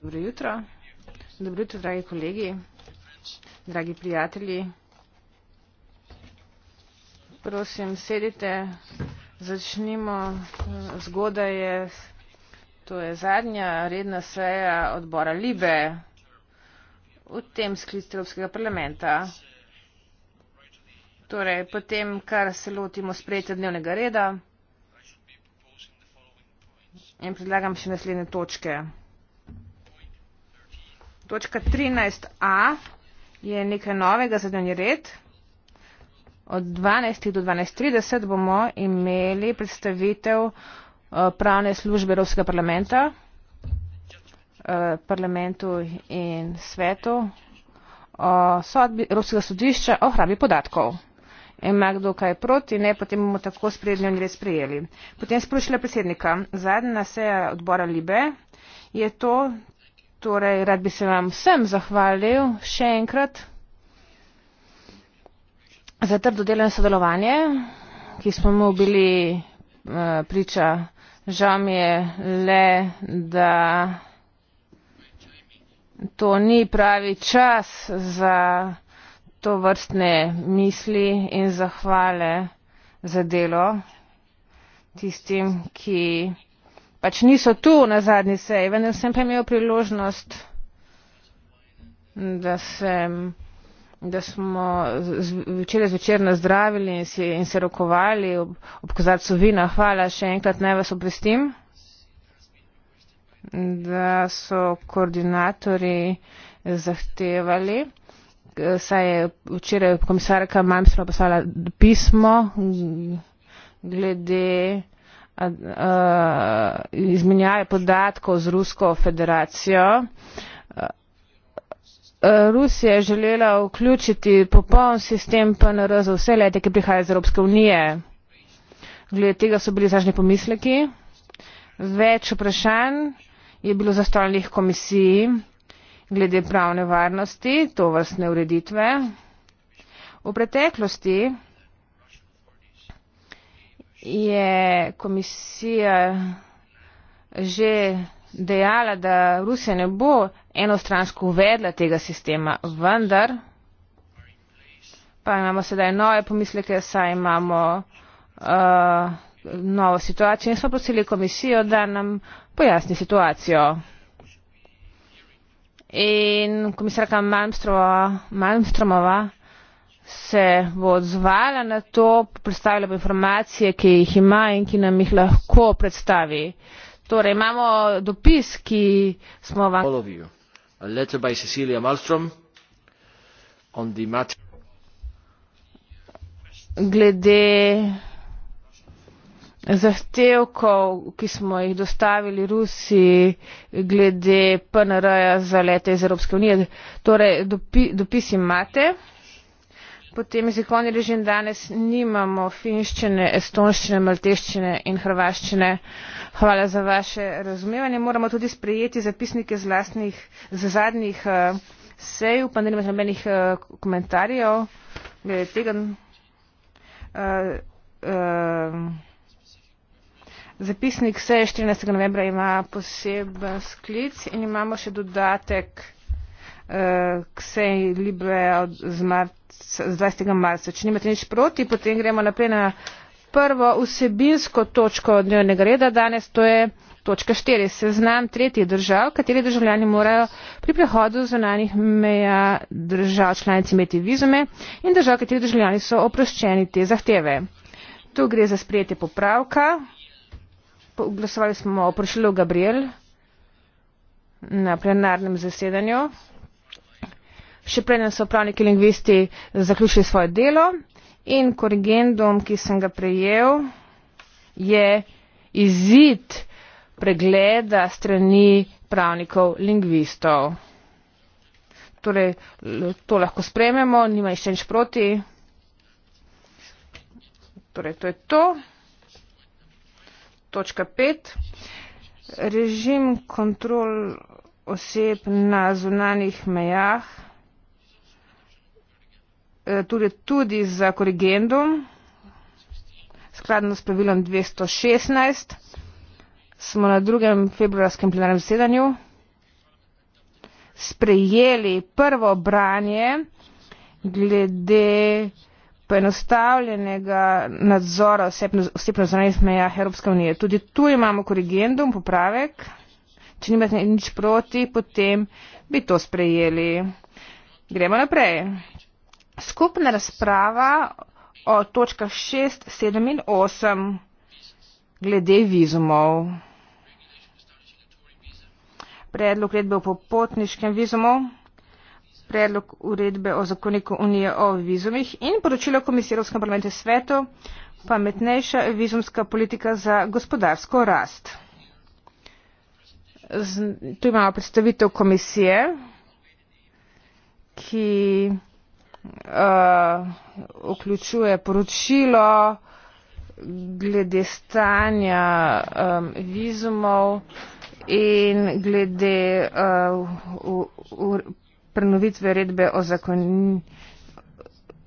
dobro jutro dobro jutro dragi kolegi dragi prijatelji prosim sedite začnimo eh, zgodaj je to je zadnja redna seja odbora libe v tem sklicu evropskega parlamenta torej potem kar se lotimo sprejetja dnevnega reda in predlagam še naslednje točke. Točka 13a je nekaj novega za dnevni red. Od 12. do 12.30 bomo imeli predstavitev eh, pravne službe Evropskega parlamenta, eh, parlamentu in svetu o sodbi Evropskega sodišča o hrabi podatkov ima kdo kaj proti, ne, potem bomo tako sprejeli dnevni red sprejeli. Potem sprašila predsednika. Zadnja seja odbora Libe je to, torej rad bi se vam vsem zahvalil še enkrat za trdo delo in sodelovanje, ki smo mu bili eh, priča. Žal mi je le, da to ni pravi čas za to vrstne misli in zahvale za delo tistim, ki pač niso tu na zadnji seji. Vendar sem pa imel priložnost, da, sem, da smo včeraj zvečer nazdravili in, in se rokovali ob, ob kozarcu vina. Hvala še enkrat, naj vas obvestim da so koordinatori zahtevali, saj je včeraj komisarka Malmstrom poslala pismo glede uh, izmenjave podatkov z Rusko federacijo. Rusija je želela vključiti popoln sistem PNR za vse lete, ki prihaja iz Evropske unije. Glede tega so bili zažni pomisleki. Več vprašanj je bilo zastavljenih komisiji glede pravne varnosti to vrstne ureditve. V preteklosti je komisija že dejala, da Rusija ne bo enostransko uvedla tega sistema, vendar pa imamo sedaj nove pomisleke, saj imamo uh, novo situacijo in smo prosili komisijo, da nam pojasni situacijo in komisarka Malmstrova, Malmstromova se bo odzvala na to, predstavila bo informacije, ki jih ima in ki nam jih lahko predstavi. Torej, imamo dopis, ki smo vam. Glede zahtevkov, ki smo jih dostavili Rusiji glede PNR-ja za lete iz Evropske unije. Torej, dopi, dopis imate. Potem jezikovni režim danes nimamo finščine, estonščine, malteščine in hrvaščine. Hvala za vaše razumevanje. Moramo tudi sprejeti zapisnike z, lastnih, z zadnjih uh, sej, pa ne imamo nobenih uh, komentarjev. Glede tega. Uh, uh, Zapisnik seje 14. novembra ima poseben sklic in imamo še dodatek eh, k seji Libre od z, marca, z 20. marca. Če nimate nič proti, potem gremo naprej na prvo vsebinsko točko dnevnega reda danes, to je točka 4. Seznam tretjih držav, kateri državljani morajo pri prehodu zunanih meja držav članic imeti vizume in držav, kateri državljani so oproščeni te zahteve. Tu gre za sprejetje popravka Glasovali smo o prošilu Gabriel na plenarnem zasedanju. Še preden so pravniki lingvisti zaključili svoje delo in korigendum, ki sem ga prejel, je izid pregleda strani pravnikov lingvistov. Torej, to lahko sprememo, nima išče nič proti. Torej, to je to točka pet. Režim kontrol oseb na zunanih mejah, e, tudi, torej tudi za korigendum, skladno s pravilom 216, smo na drugem februarskem plenarnem zasedanju sprejeli prvo branje glede poenostavljenega nadzora oseb na zunanjih mejah Evropske unije. Tudi tu imamo korigendum, popravek. Če nimate nič proti, potem bi to sprejeli. Gremo naprej. Skupna razprava o točkah 6, 7 in 8 glede vizumov. Predlog redbe o popotniškem vizumu predlog uredbe o zakoniku unije o vizumih in poročilo komisije Evropskega parlamenta svetu pametnejša vizumska politika za gospodarsko rast. Z, tu imamo predstavitev komisije, ki uh, vključuje poročilo glede stanja um, vizumov in glede uh, u, u, prenovitve redbe o zakon,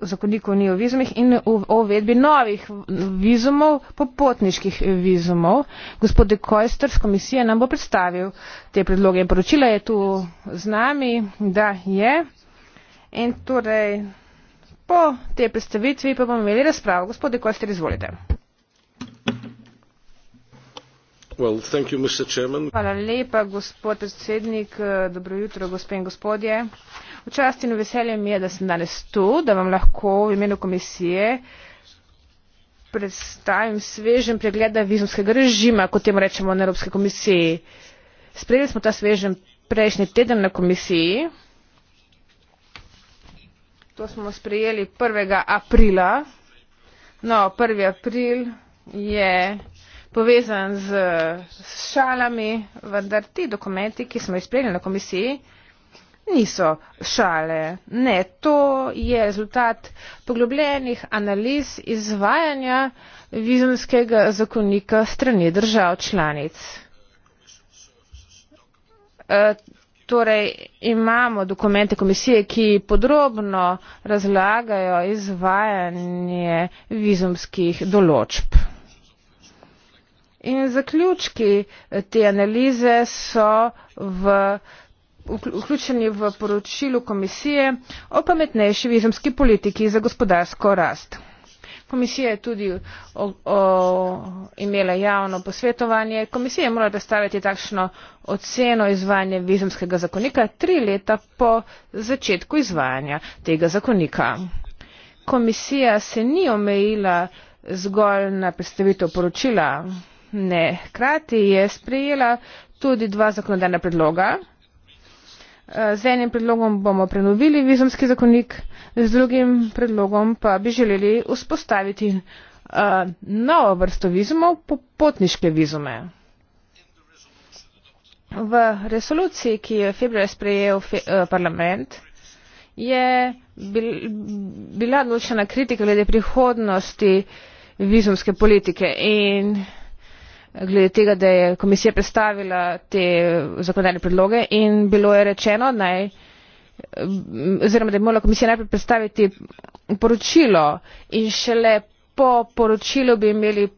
zakoniku ni o vizumih in o uvedbi novih vizumov, popotniških vizumov. Gospod Dekojster z komisije nam bo predstavil te predloge in poročila je tu z nami, da je. In torej po tej predstavitvi pa bomo imeli razpravo. Gospod Dekojster, izvolite. Hvala lepa, gospod predsednik. Dobro jutro, gospe in gospodje. Včasti in veseljem je, da sem danes tu, da vam lahko v imenu komisije predstavim svežen pregled vizumskega režima, kot temu rečemo na Evropske komisiji. Sprejeli smo ta svežen prejšnji teden na komisiji. To smo sprejeli 1. aprila. No, 1. april je povezan z šalami, vendar ti dokumenti, ki smo jih sprejeli na komisiji, niso šale. Ne, to je rezultat poglobljenih analiz izvajanja vizumskega zakonika strani držav članic. E, torej imamo dokumente komisije, ki podrobno razlagajo izvajanje vizumskih določb. In zaključki eh, te analize so v, vključeni v poročilu komisije o pametnejši vizumski politiki za gospodarsko rast. Komisija je tudi o, o, imela javno posvetovanje. Komisija mora predstaviti takšno oceno izvajanja vizumskega zakonika tri leta po začetku izvajanja tega zakonika. Komisija se ni omejila zgolj na predstavitev poročila ne. Hkrati je sprejela tudi dva zakonodajna predloga. Eh, z enim predlogom bomo prenovili vizumski zakonik, z drugim predlogom pa bi želeli vzpostaviti uh, novo vrsto vizumov, popotniške vizume. V resoluciji, ki je februar sprejel fe, uh, parlament, je bil, bila odločena kritika glede prihodnosti vizumske politike in glede tega, da je komisija predstavila te zakonodajne predloge in bilo je rečeno, naj, oziroma da je morala komisija najprej predstaviti poročilo in šele po poročilu bi imeli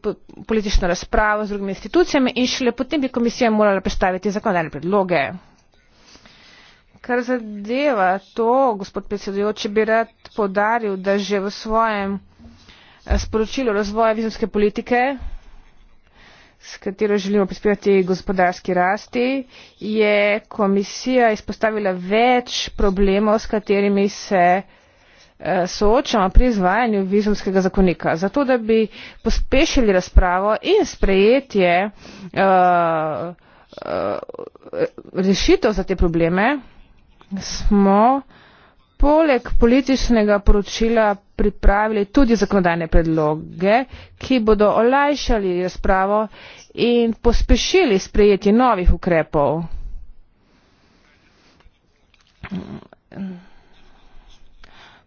politično razpravo z drugimi institucijami in šele potem bi komisija morala predstaviti zakonodajne predloge. Kar zadeva to, gospod predsedujoči, bi rad podaril, da že v svojem eh, sporočilu razvoja vizumske politike s katero želimo prispevati gospodarski rasti, je komisija izpostavila več problemov, s katerimi se eh, soočamo pri izvajanju vizumskega zakonika. Zato, da bi pospešili razpravo in sprejetje uh, uh, rešitev za te probleme, smo poleg političnega poročila pripravili tudi zakonodajne predloge, ki bodo olajšali razpravo in pospešili sprejetje novih ukrepov.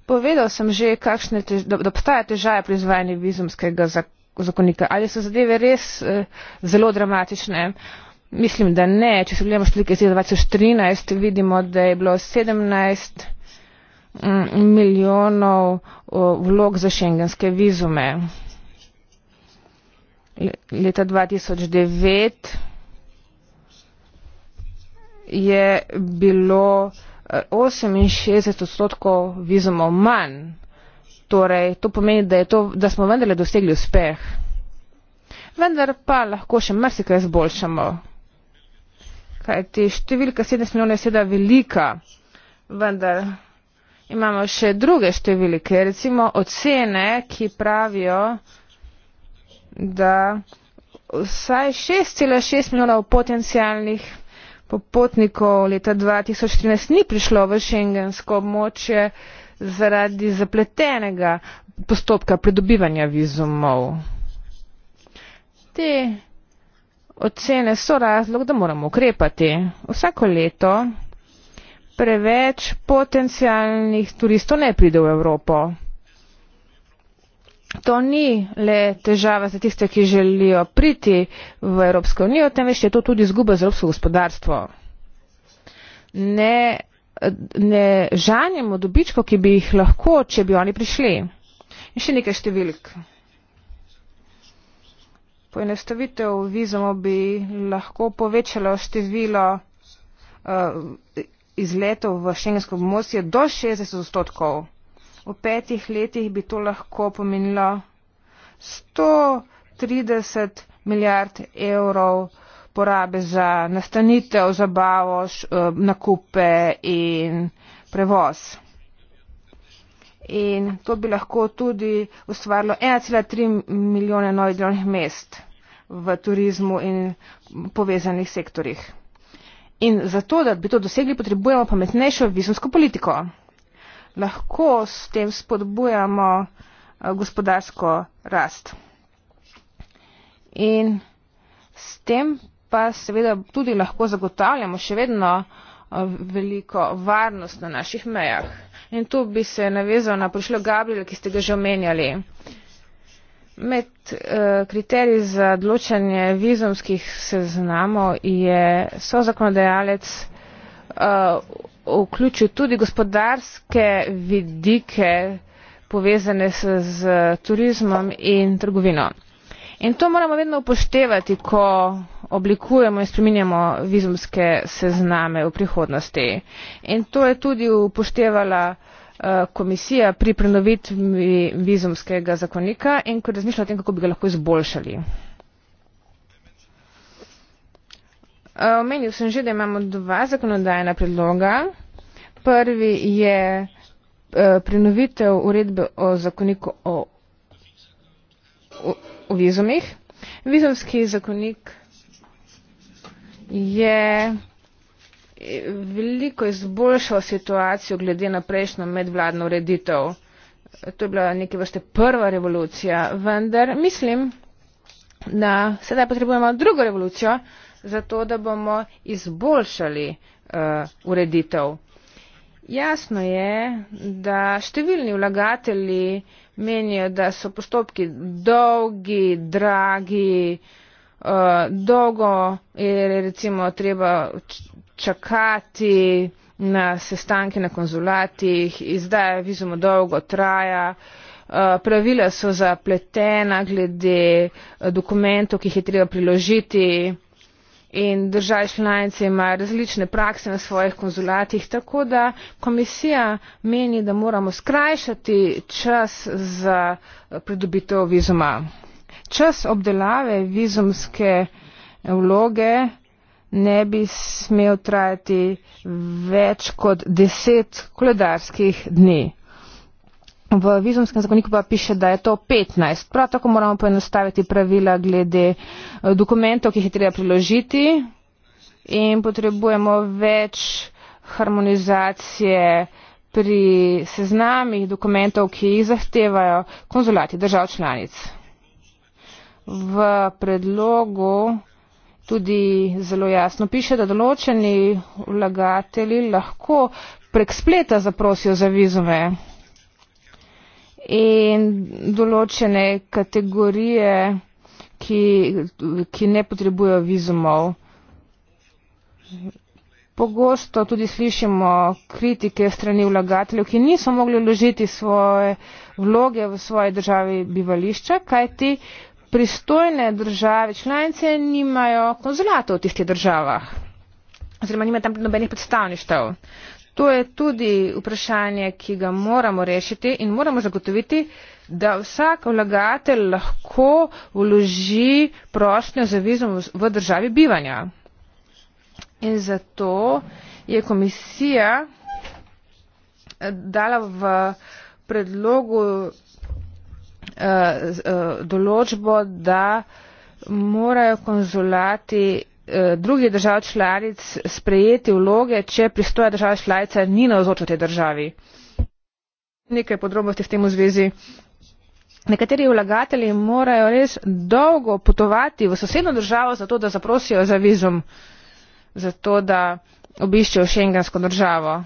Povedal sem že, kakšne tež da obstaja težave pri izvajanju vizumskega zakonika. Ali so zadeve res eh, zelo dramatične? Mislim, da ne. Če se gledamo številke iz 2013, vidimo, da je bilo 17 milijonov vlog za šengenske vizume. Leta 2009 je bilo 68 e, odstotkov vizumov manj. Torej, to pomeni, da, to, da smo vendarle dosegli uspeh. Vendar pa lahko še marsikaj zboljšamo. Kaj ti številka 17 milijonov je seveda velika, vendar imamo še druge številke, recimo ocene, ki pravijo, da vsaj 6,6 milijona potencijalnih popotnikov leta 2013 ni prišlo v šengensko območje zaradi zapletenega postopka pridobivanja vizumov. Te ocene so razlog, da moramo ukrepati. Vsako leto preveč potencijalnih turistov ne pride v Evropo. To ni le težava za tiste, ki želijo priti v Evropsko unijo, temveč je to tudi izguba za evropsko gospodarstvo. Ne, ne žanjemo dobičko, ki bi jih lahko, če bi oni prišli. In še nekaj številk. Poenostavitev vizumov bi lahko povečalo število. Uh, izletov v šengensko območje do 60 odstotkov. V petih letih bi to lahko pomenilo 130 milijard evrov porabe za nastanitev, zabavo, eh, nakupe in prevoz. In to bi lahko tudi ustvarilo 1,3 milijone novih delovnih mest v turizmu in povezanih sektorjih. In zato, da bi to dosegli, potrebujemo pametnejšo vizumsko politiko. Lahko s tem spodbujamo eh, gospodarsko rast. In s tem pa seveda tudi lahko zagotavljamo še vedno eh, veliko varnost na naših mejah. In tu bi se navezal na prišlo Gabriel, ki ste ga že omenjali. Uh, Med uh, kriteriji za odločanje vizumskih seznamov je so zakonodajalec uh, eh, vključil tudi gospodarske vidike povezane s, z turizmom in trgovino. In to moramo vedno upoštevati, ko oblikujemo in spreminjamo vizumske sezname v prihodnosti. In to je tudi upoštevala uh, Eh, komisija pri prenovitvi vizumskega zakonika in ko razmišlja o tem, kako bi ga lahko izboljšali. Eh, omenil sem že, da imamo dva zakonodajna predloga. Prvi je eh, prenovitev uredbe o zakoniku o, o, o vizumih. Vizumski zakonik je veliko izboljšal situacijo glede na prejšnjo medvladno ureditev. To je bila neke vrste prva revolucija, vendar mislim, da sedaj potrebujemo drugo revolucijo, zato da bomo izboljšali uh, ureditev. Jasno je, da številni vlagatelji menijo, da so postopki dolgi, dragi, uh, dolgo je recimo treba čakati na sestanke na konzulatih, izdaja vizuma dolgo traja, eh, pravila so zapletena glede eh, dokumentov, ki jih je treba priložiti in države članice imajo različne prakse na svojih konzulatih, tako da komisija meni, da moramo skrajšati čas za eh, pridobitev vizuma. Čas obdelave vizumske vloge ne bi smel trajati več kot deset koledarskih dni. V vizumskem zakoniku pa piše, da je to 15. Prav tako moramo poenostaviti pravila glede eh, dokumentov, ki jih je treba priložiti in potrebujemo več harmonizacije pri seznamih dokumentov, ki jih zahtevajo konzulati držav članic. V predlogu tudi zelo jasno piše, da določeni vlagatelji lahko prek spleta zaprosijo za vizume in določene kategorije, ki, ki ne potrebujejo vizumov. Pogosto tudi slišimo kritike strani vlagateljev, ki niso mogli vložiti svoje vloge v svoje državi bivališča, kajti pristojne države, članice, nimajo konzulatov v tistih državah oziroma nima tam nobenih predstavništev. To je tudi vprašanje, ki ga moramo rešiti in moramo zagotoviti, da vsak vlagatelj lahko vloži prošnjo za vizum v državi bivanja. In zato je komisija eh, dala v predlogu uh, določbo, da morajo konzulati eh, drugih držav članic sprejeti vloge, če pristoja država članica ni navzočo tej državi. Nekaj podrobnosti v tem v zvezi. Nekateri vlagatelji morajo res dolgo potovati v sosedno državo, zato da zaprosijo za vizum, zato da obiščejo šengensko državo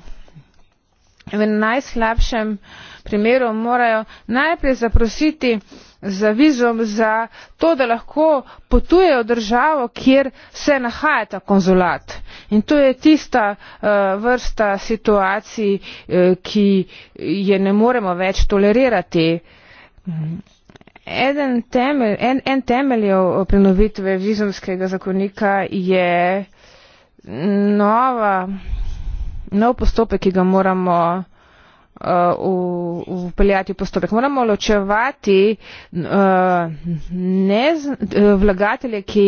v najslabšem primeru morajo najprej zaprositi za vizum za to da lahko potujejo v državo kjer se nahaja ta konzulat in to je tista eh, vrsta situacij eh, ki je ne moremo več tolerirati Eden temelj, en, en temeljev prenovitve vizumskega zakonika je nova nov postopek, ki ga moramo uh, upeljati v postopek. Moramo ločevati uh, nez, uh, vlagatelje, ki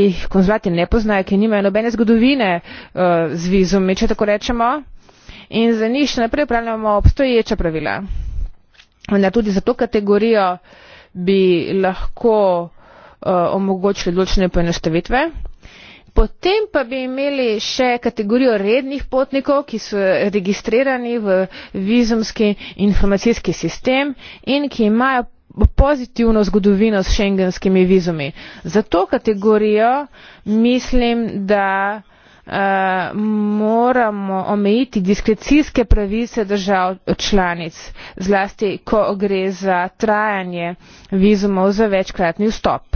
jih konzulati ne poznajo, ki nimajo nobene zgodovine uh, z vizumi, če tako rečemo, in za njih še naprej upravljamo obstoječa pravila. Vendar tudi za to kategorijo bi lahko uh, omogočili določene poenostavitve. Uh, Potem pa bi imeli še kategorijo rednih potnikov, ki so registrirani v vizumski informacijski sistem in ki imajo pozitivno zgodovino s šengenskimi vizumi. Za to kategorijo mislim, da uh, moramo omejiti diskrecijske pravice držav članic, zlasti ko gre za trajanje vizumov za večkratni vstop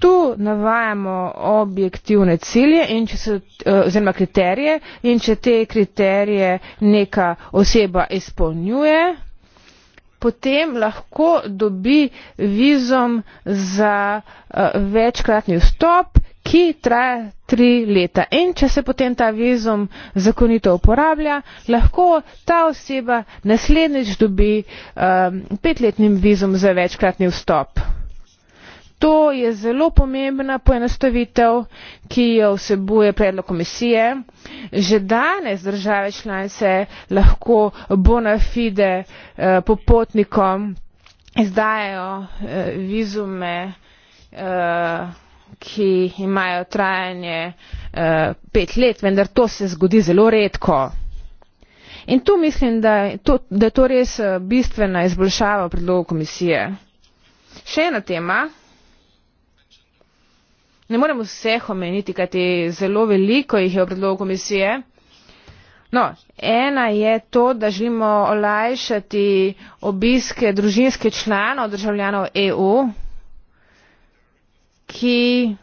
tu navajamo objektivne cilje in če se, eh, oziroma kriterije in če te kriterije neka oseba izpolnjuje, potem lahko dobi vizum za eh, večkratni vstop, ki traja tri leta. In če se potem ta vizum zakonito uporablja, lahko ta oseba naslednjič dobi eh, petletni vizum za večkratni vstop to je zelo pomembna poenostavitev ki jo vsebuje predlog komisije že danes države članice lahko bona fide eh, popotnikom izdajajo eh, vizume eh, ki imajo trajanje pet let vendar to se zgodi zelo redko in tu mislim da je to, da je to res bistvena izboljšava v predlogu komisije še ena tema ne morem vseh omeniti, kajti zelo veliko jih je v predlogu komisije. No, ena je to, da želimo olajšati obiske družinske članov državljanov EU, ki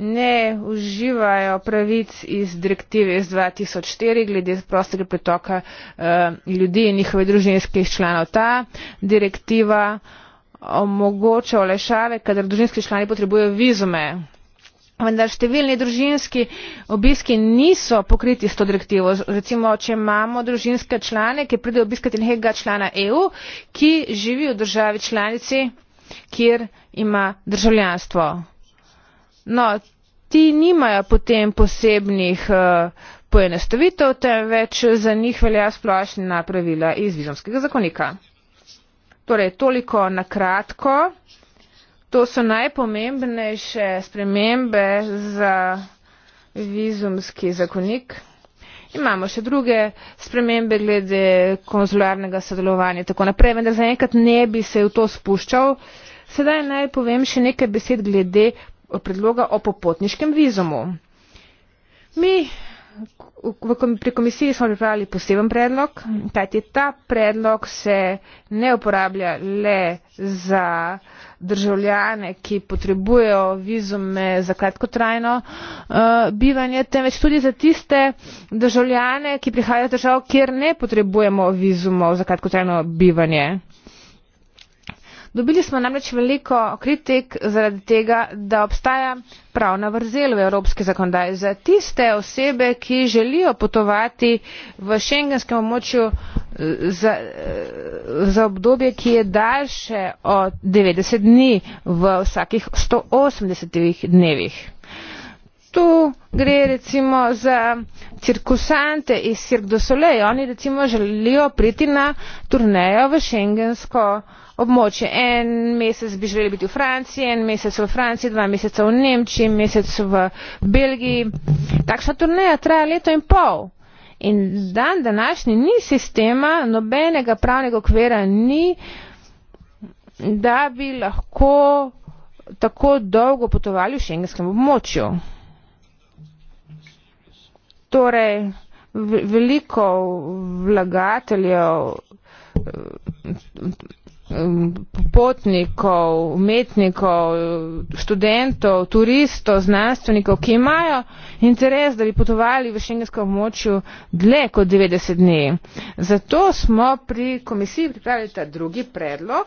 ne uživajo pravic iz direktive iz 2004 glede prostega pretoka eh, ljudi in njihovih družinskih članov. Ta direktiva omogoča olajšave, kadar družinski člani potrebujejo vizume vendar številni družinski obiski niso pokriti s to direktivo. Recimo, če imamo družinske člane, ki pridejo obiskati nekega člana EU, ki živi v državi članici, kjer ima državljanstvo. No, ti nimajo potem posebnih uh, poenostavitev, temveč za njih velja splošna pravila iz vizumskega zakonika. Torej, toliko na kratko. To so najpomembnejše spremembe za vizumski zakonik. Imamo še druge spremembe glede konzularnega sodelovanja in tako naprej, vendar zaenkrat ne bi se v to spuščal. Sedaj naj povem še nekaj besed glede predloga o popotniškem vizumu. Mi pri komisiji smo pripravili poseben predlog, kajti ta predlog se ne uporablja le za državljane, ki potrebujejo vizume za kratkotrajno eh, bivanje, temveč tudi za tiste državljane, ki prihajajo iz držav, kjer ne potrebujemo vizumov za kratkotrajno bivanje. Dobili smo namreč veliko kritik zaradi tega, da obstaja pravna vrzel v evropski zakonodaji. Za tiste osebe, ki želijo potovati v šengenskem območju eh, za, eh, za obdobje, ki je daljše od 90 dni v vsakih 180 dnevih tu gre recimo za cirkusante iz Cirque du Soleil. Oni recimo želijo priti na turnejo v šengensko območje. En mesec bi želeli biti v Franciji, en mesec v Franciji, dva meseca v Nemčiji, mesec v Belgiji. Takšna turneja traja leto in pol. In dan današnji ni sistema, nobenega pravnega okvira ni, da bi lahko tako dolgo potovali v šengenskem območju torej veliko vlagateljev, popotnikov, umetnikov, študentov, turistov, znanstvenikov, ki imajo interes, da bi potovali v šengensko območju dlje kot 90 dni. Zato smo pri komisiji pripravili ta drugi predlog,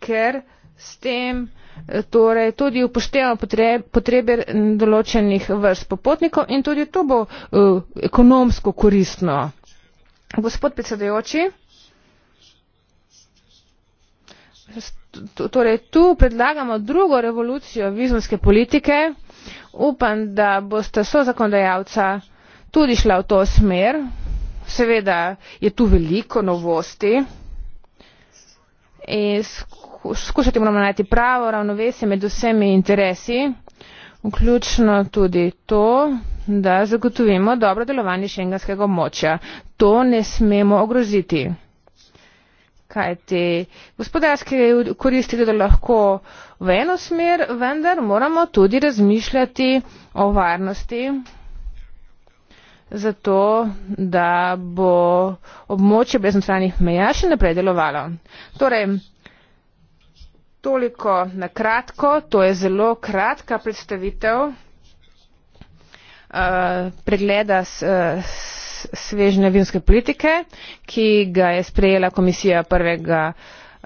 ker s tem torej tudi upošteva potrebe določenih vrst popotnikov in tudi to bo eh, ekonomsko koristno. Gospod predsedujoči, torej tu predlagamo drugo revolucijo vizumske politike. Upam, da boste so zakonodajalca tudi šla v to smer. Seveda je tu veliko novosti in skušati moramo najti pravo ravnovesje med vsemi interesi vključno tudi to da zagotovimo dobro delovanje šengenskega območja to ne smemo ogroziti kajti gospodarske koristi gredo lahko v eno smer vendar moramo tudi razmišljati o varnosti zato da bo območje brez notranjih meja še naprej delovalo. Torej, toliko na kratko. To je zelo kratka predstavitev uh, pregleda s, uh, s, svežne vinske politike, ki ga je sprejela komisija 1.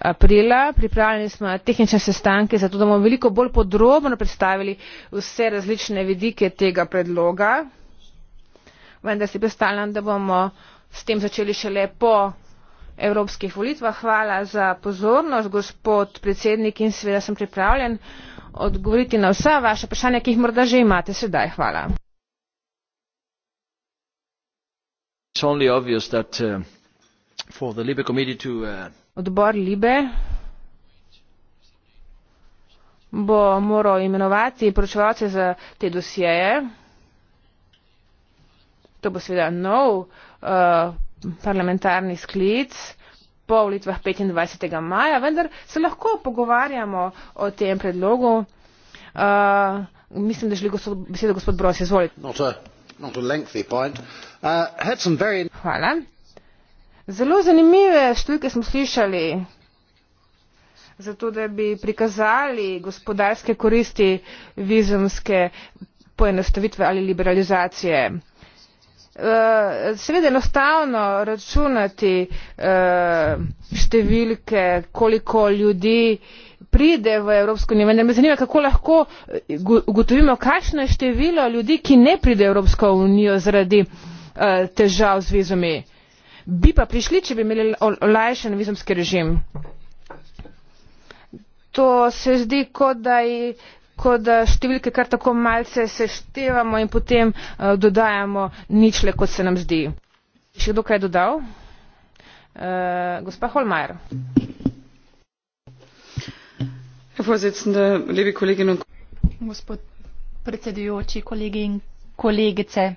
aprila. Pripravljeni smo tehnične sestanke, zato da bomo veliko bolj podrobno predstavili vse različne vidike tega predloga. Vendar si predstavljam, da bomo s tem začeli šele po evropskih volitvah. Hvala za pozornost, gospod predsednik, in seveda sem pripravljen odgovoriti na vsa vaša vprašanja, ki jih morda že imate sedaj. Hvala. Uh, uh, Odbor Libe bo moral imenovati poročevalce za te dosjeje. To bo seveda nov uh, parlamentarni sklic po volitvah 25. maja, vendar se lahko pogovarjamo o tem predlogu. Uh, mislim, da želi gospod, besedo gospod Bros, izvolite. Not a, not a lengthy point. Uh, had some very... Hvala. Zelo zanimive številke smo slišali, zato da bi prikazali gospodarske koristi vizumske poenostavitve ali liberalizacije. Eh, seveda enostavno računati eh, številke koliko ljudi pride v evropsko unijo vendar me zanima kako lahko eh, ugotovimo kakšno je število ljudi ki ne pride v evropsko unijo zaradi težav z vizumi bi pa prišli če bi imeli olajšan vizumski režim. to se zdi kot da tako da eh, številke kar tako malce seštevamo in potem uh, dodajamo ničle, kot se nam zdi. Še kdo kaj dodal? Uh, gospa Holmajer. Gospod predsedujoči, kolegi in kolegice.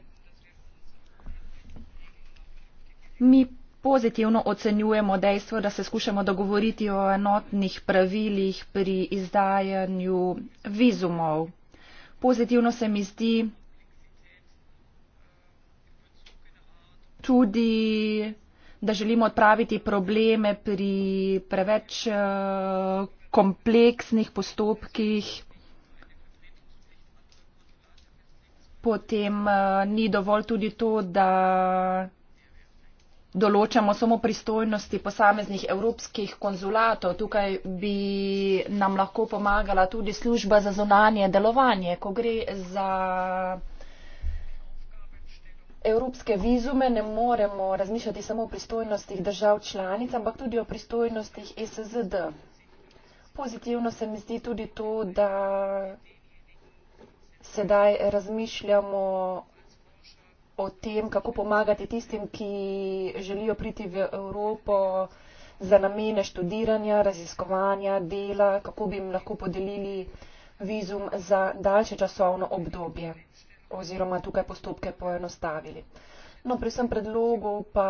Mi pozitivno ocenjujemo dejstvo, da se skušamo dogovoriti o enotnih pravilih pri izdajanju vizumov. Pozitivno se mi zdi tudi, da želimo odpraviti probleme pri preveč eh, kompleksnih postopkih. Potem eh, ni dovolj tudi to, da določamo samo pristojnosti posameznih evropskih konzulatov. Tukaj bi nam lahko pomagala tudi služba za zonanje delovanje. Ko gre za evropske vizume, ne moremo razmišljati samo o pristojnostih držav članic, ampak tudi o pristojnostih SZD. Pozitivno se mi zdi tudi to, da sedaj razmišljamo o tem, kako pomagati tistim, ki želijo priti v Evropo za namene študiranja, raziskovanja, dela, kako bi jim lahko podelili vizum za daljše časovno obdobje oziroma tukaj postopke poenostavili. No, pri vsem predlogu pa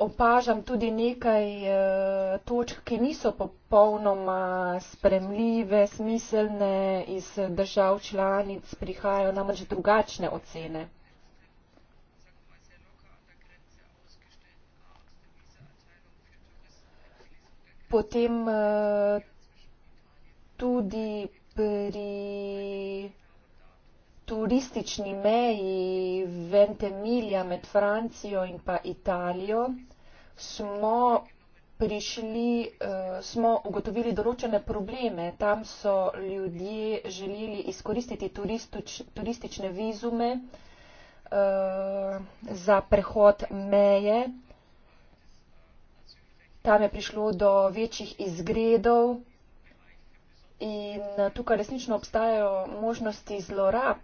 opažam tudi nekaj eh, točk, ki niso popolnoma spremljive, smiselne iz držav članic, prihajajo namreč drugačne ocene. Potem eh, tudi pri turistični meji Ventemilja med Francijo in pa Italijo smo prišli, uh, smo ugotovili določene probleme. Tam so ljudje želeli izkoristiti turistič, turistične vizume uh, za prehod meje. Tam je prišlo do večjih izgredov in tukaj resnično obstajajo možnosti zlorab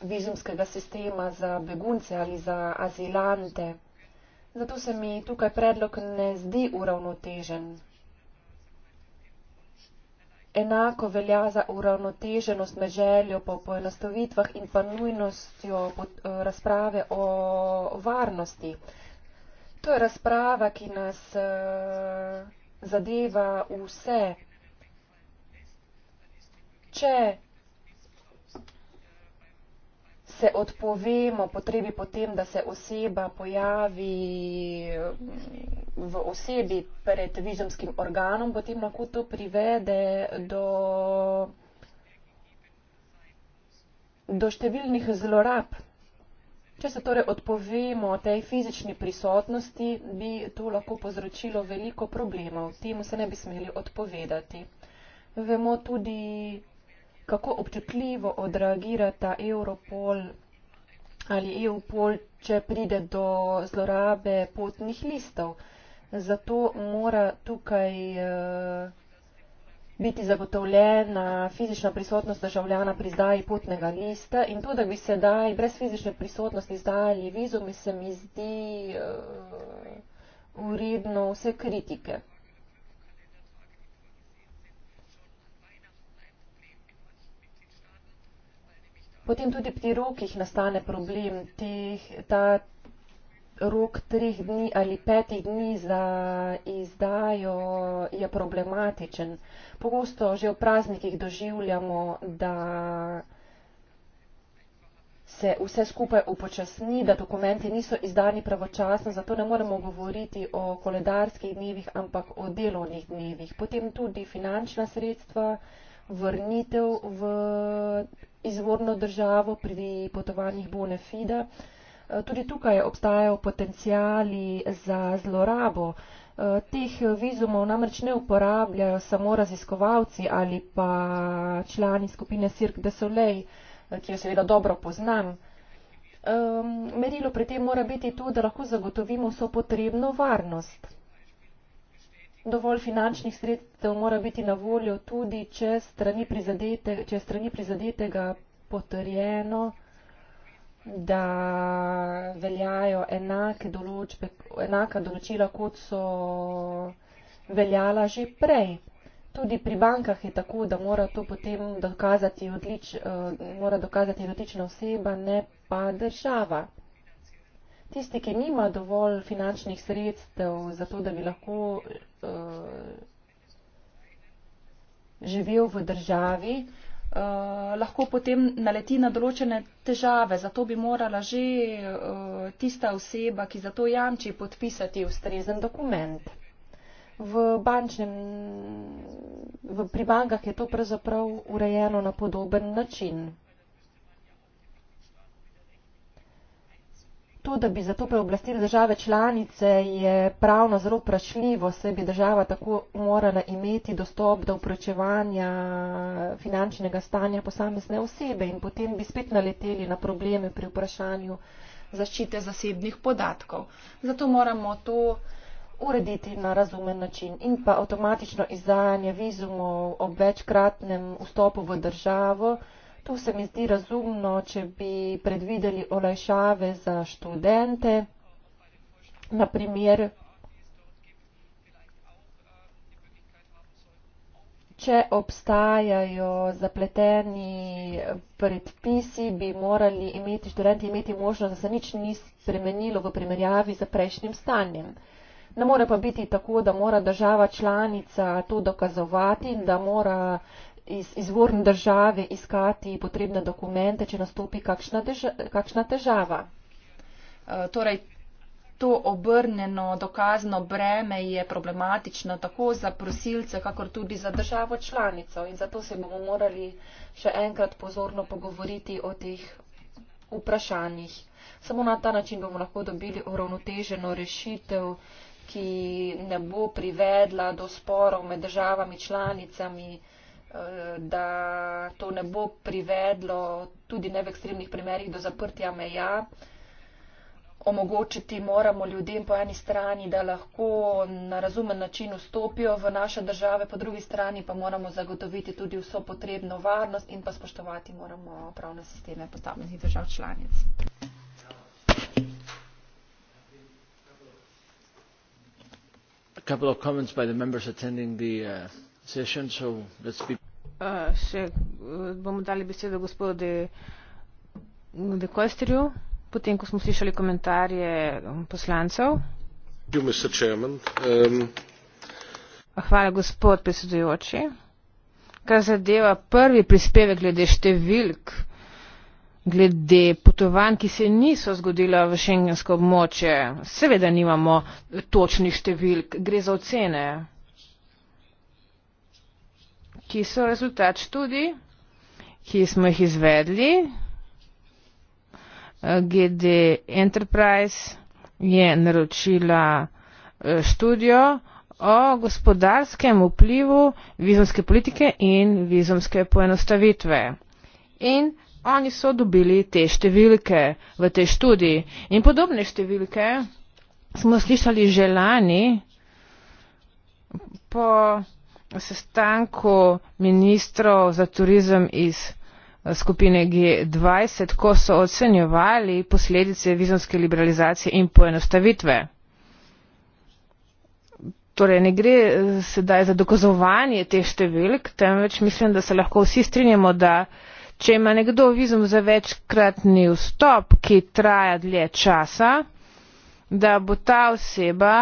vizumskega sistema za begunce ali za azilante. Zato se mi tukaj predlog ne zdi uravnotežen. Enako velja za uravnoteženost med željo po poenostavitvah in pa nujnostjo razprave o varnosti. To je razprava, ki nas zadeva vse. Če se odpovemo potrebi potem, da se oseba pojavi v osebi pred vizumskim organom, potem lahko to privede do, do številnih zlorab. Če se torej odpovemo tej fizični prisotnosti, bi to lahko povzročilo veliko problemov. Temu se ne bi smeli odpovedati. Vemo tudi, kako občutljivo odreagirata Europol ali EUpol, če pride do zlorabe potnih listov. Zato mora tukaj eh, biti zagotovljena fizična prisotnost državljana pri izdaji potnega lista in to, da bi se daj brez fizične prisotnosti izdajali vizumi, se mi zdi eh, uredno vse kritike. Potem tudi pri rokih nastane problem. Teh, ta rok treh dni ali petih dni za izdajo je problematičen. Pogosto že v praznikih doživljamo, da se vse skupaj upočasni, da dokumenti niso izdani pravočasno, zato ne moremo govoriti o koledarskih dnevih, ampak o delovnih dnevih. Potem tudi finančna sredstva, vrnitev v izvorno državo pri potovanjih bone fide. Eh, tudi tukaj obstajajo potencijali za zlorabo. Eh, teh vizumov namreč ne uporabljajo samo raziskovalci ali pa člani skupine Cirque de Soleil, eh, ki jo seveda dobro poznam. Ehm, merilo pri tem mora biti to, da lahko zagotovimo vso potrebno varnost dovolj finančnih sredstev mora biti na voljo tudi, če strani, prizadete, če strani prizadetega potrjeno, da veljajo enake določbe, enaka določila, kot so veljala že prej. Tudi pri bankah je tako, da mora to potem dokazati, odlič, eh, mora dokazati dotična oseba, ne pa država tisti, ki nima dovolj finančnih sredstev za to, da bi lahko uh, živel v državi, uh, lahko potem naleti na določene težave. Zato bi morala že uh, tista oseba, ki za to jamči, podpisati ustrezen dokument. V bančnem, v, pri bankah je to pravzaprav urejeno na podoben način. to, da bi zato preoblastili države članice, je pravno zelo vprašljivo, saj bi država tako morala imeti dostop do upročevanja finančnega stanja posamezne osebe in potem bi spet naleteli na probleme pri vprašanju zaščite zasebnih podatkov. Zato moramo to urediti na razumen način in pa avtomatično izdajanje vizumov ob večkratnem vstopu v državo. To se mi zdi razumno, če bi predvideli olajšave za študente, naprimer, če obstajajo zapleteni predpisi, bi morali imeti študenti imeti možnost, da se nič ni spremenilo v primerjavi z prejšnjim stanjem. Ne more pa biti tako, da mora država članica to dokazovati in da mora iz izvorne države iskati potrebne dokumente, če nastopi kakšna, deža, kakšna težava. E, torej, to obrnjeno dokazno breme je problematično tako za prosilce, kakor tudi za državo članico in zato se bomo morali še enkrat pozorno pogovoriti o teh vprašanjih. Samo na ta način bomo lahko dobili uravnoteženo rešitev, ki ne bo privedla do sporov med državami članicami. Eh, da to ne bo privedlo tudi ne v ekstremnih primerjih do zaprtja meja. Omogočiti moramo ljudem po eni strani, da lahko na razumen način vstopijo v naše države, po drugi strani pa moramo zagotoviti tudi vso potrebno varnost in pa spoštovati moramo pravne sisteme posameznih držav članic. A couple of comments by the members attending the uh, Uh, še uh, bomo dali besedo gospodu de Koestrju, potem ko smo slišali komentarje um, poslancev. Um, Hvala, gospod predsedujoči. Kar zadeva prvi prispevek glede številk, glede potovanj, ki se niso zgodila v šengensko območje, seveda nimamo točnih številk, gre za ocene ki so rezultat študij, ki smo jih izvedli, eh, GD Enterprise je naročila eh, študijo o gospodarskem vplivu vizumske politike in vizumske poenostavitve. In oni so dobili te številke v tej študiji. In podobne številke smo slišali že lani po sestanku ministrov za turizem iz eh, skupine G20, ko so ocenjevali posledice vizonske liberalizacije in poenostavitve. Torej, ne gre eh, sedaj za dokazovanje teh številk, temveč mislim, da se lahko vsi strinjamo, da če ima nekdo vizum za večkratni vstop, ki traja dlje časa, da bo ta oseba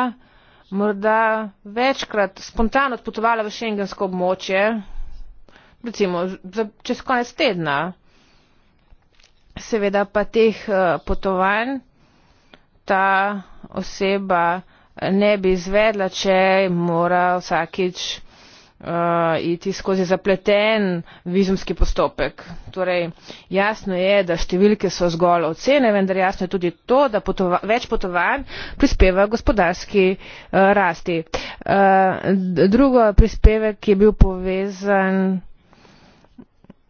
morda večkrat spontano odpotovala v šengensko območje, recimo za čez konec tedna. Seveda pa teh eh, potovanj ta oseba ne bi izvedla, če mora vsakič uh, iti skozi zapleten vizumski postopek. Torej, jasno je, da številke so zgolj ocene, vendar jasno je tudi to, da potova, več potovanj prispeva gospodarski uh, rasti. Uh, drugo prispevek je bil povezan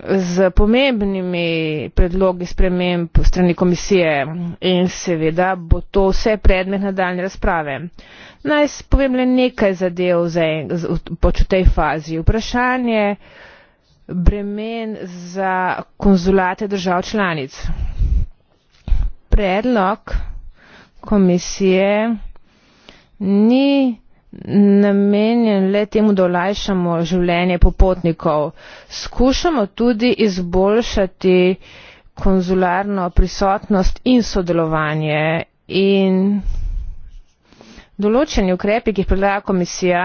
z pomembnimi predlogi sprememb strani komisije in seveda bo to vse predmet nadaljne razprave. Naj spovem le nekaj zadev za en, z, v, poč v tej fazi. Vprašanje bremen za konzulate držav članic. Predlog komisije ni namenjen le temu, da olajšamo življenje popotnikov. Skušamo tudi izboljšati konzularno prisotnost in sodelovanje. In določeni ukrepi, ki jih predlaga komisija,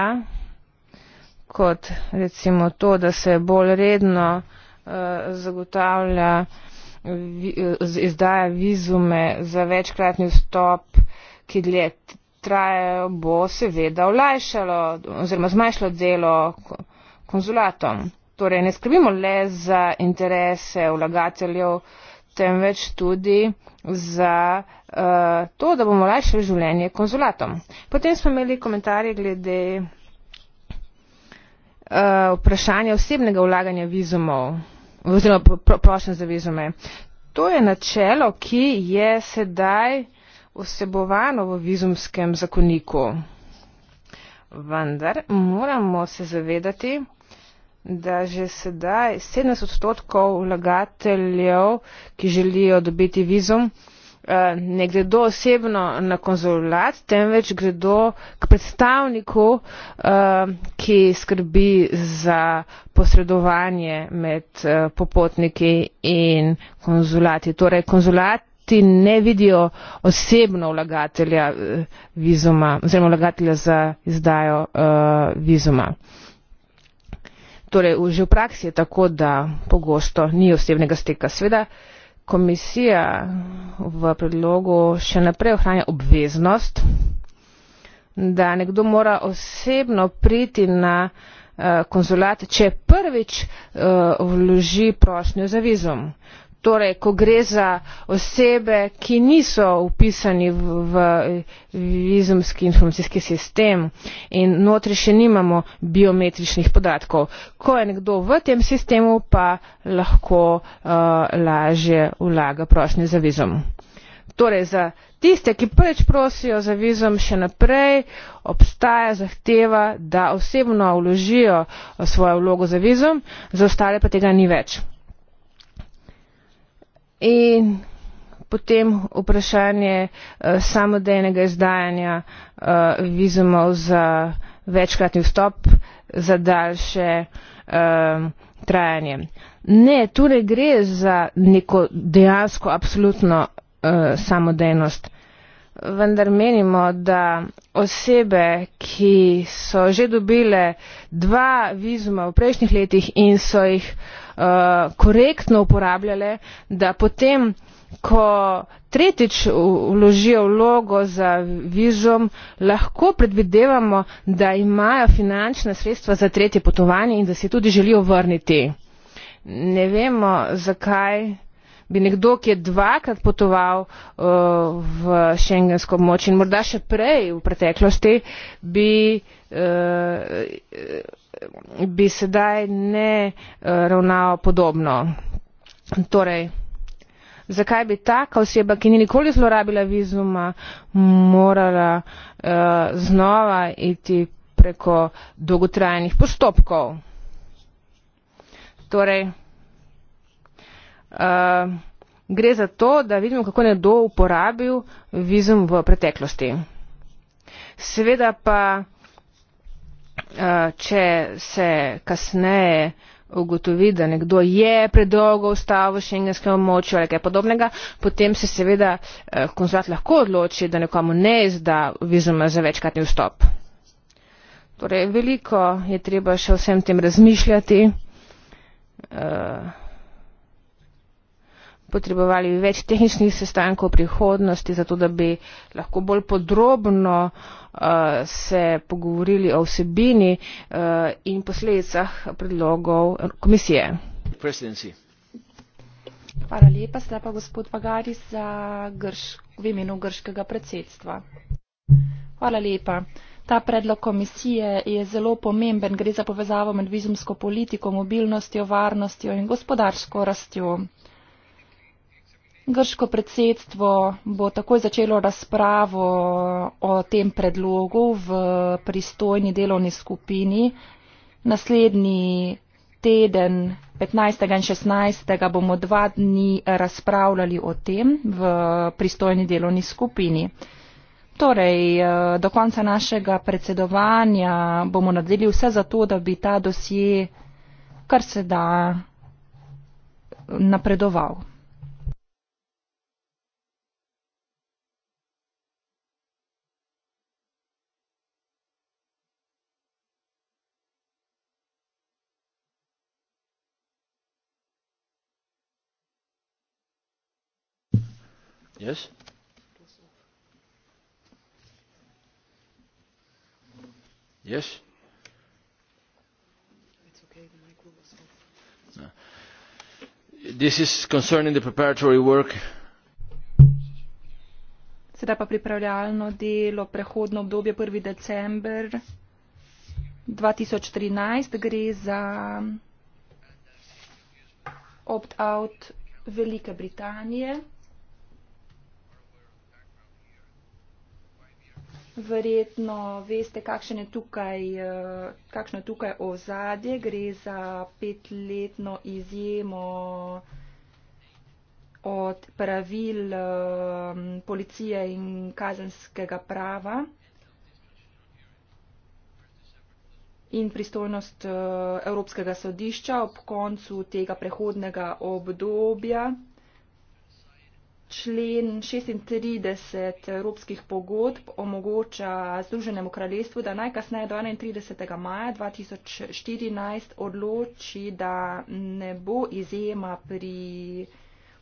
kot recimo to, da se bolj redno uh, zagotavlja eh, izdaja vizume za večkratni vstop, ki dlje trajajo, bo seveda olajšalo oziroma zmanjšalo delo konzulatom. Torej ne skrbimo le za interese vlagateljev, temveč tudi za uh, to, da bomo olajšali življenje konzulatom. Potem smo imeli komentarje glede uh, vprašanja osebnega vlaganja vizumov oziroma prošnje za vizume. To je načelo, ki je sedaj vsebovano v vizumskem zakoniku. Vendar moramo se zavedati, da že sedaj 70 odstotkov vlagateljev, ki želijo dobiti vizum, eh, ne gredo osebno na konzulat, temveč gredo k predstavniku, eh, ki skrbi za posredovanje med eh, popotniki in konzulati. Torej, konzulat ti ne vidijo osebno vlagatelja eh, vizuma oziroma vlagatelja za izdajo uh, vizuma. Torej, že v praksi je tako, da pogosto ni osebnega steka. Sveda komisija v predlogu še naprej ohranja obveznost, da nekdo mora osebno priti na uh, konzulat, če prvič uh, vloži prošnjo za vizum. Uh, torej ko gre za osebe, ki niso upisani v, v eh, vizumski informacijski sistem in notri še nimamo biometričnih podatkov. Ko je nekdo v tem sistemu, pa lahko uh, eh, laže vlaga prošnje za vizum. Torej, za tiste, ki prvič prosijo za vizum še naprej, obstaja zahteva, da osebno vložijo eh, svojo vlogo za vizum, za ostale pa tega ni več in potem vprašanje eh, samodejnega izdajanja eh, vizumov za večkratni vstop za daljše eh, trajanje. Ne, tu ne gre za neko dejansko absolutno samodejnost. Vendar menimo, da osebe, ki so že dobile dva vizuma v prejšnjih letih in so jih uh, Eh, korektno uporabljale, da potem, ko tretjič vložijo vlogo za vizum, lahko predvidevamo, da imajo finančne sredstva za tretje potovanje in da si tudi želijo vrniti. Ne vemo, zakaj bi nekdo, ki je dvakrat potoval uh, v šengensko moč in morda še prej v preteklosti, bi. Uh, bi sedaj ne eh, ravnal podobno. Torej, zakaj bi taka oseba, ki ni nikoli zlorabila vizuma, morala uh, znova iti preko dolgotrajnih postopkov? Torej, Uh, gre za to, da vidimo, kako nekdo uporabil vizum v preteklosti. Seveda pa Eh, če se kasneje ugotovi, da nekdo je predolgo ostal v šengenskem območju ali kaj podobnega, potem se seveda eh, konzulat lahko odloči, da nekomu ne izda vizuma za večkratni vstop. Torej, veliko je treba še vsem tem razmišljati. Uh, potrebovali več tehničnih sestankov v prihodnosti, zato da bi lahko bolj podrobno uh, se pogovorili o vsebini uh, in posledicah predlogov komisije. Hvala lepa, zdaj pa gospod Vagari za grš, v imenu grškega predsedstva. Hvala lepa. Ta predlog komisije je zelo pomemben, gre za povezavo med vizumsko politiko, mobilnostjo, varnostjo in gospodarsko rastjo. Grško predsedstvo bo takoj začelo razpravo o tem predlogu v pristojni delovni skupini. Naslednji teden, 15. in 16. bomo dva dni razpravljali o tem v pristojni delovni skupini. Torej, eh, do konca našega predsedovanja bomo nadeli vse za to, da bi ta dosje kar se da napredoval. Yes. Yes. No. This is concerning the preparatory work. Sedaj pa pripravljalno delo, prehodno obdobje 1. december 2013 gre za opt-out Velike Britanije. Verjetno veste, eh, kakšno je tukaj, kakšno tukaj ozadje. Gre za petletno izjemo od pravil eh, policije in kazenskega prava in pristojnost eh, Evropskega sodišča ob koncu tega prehodnega obdobja člen 36 evropskih pogodb omogoča Združenemu kraljestvu, da najkasneje do 31. maja 2014 odloči, da ne bo izjema pri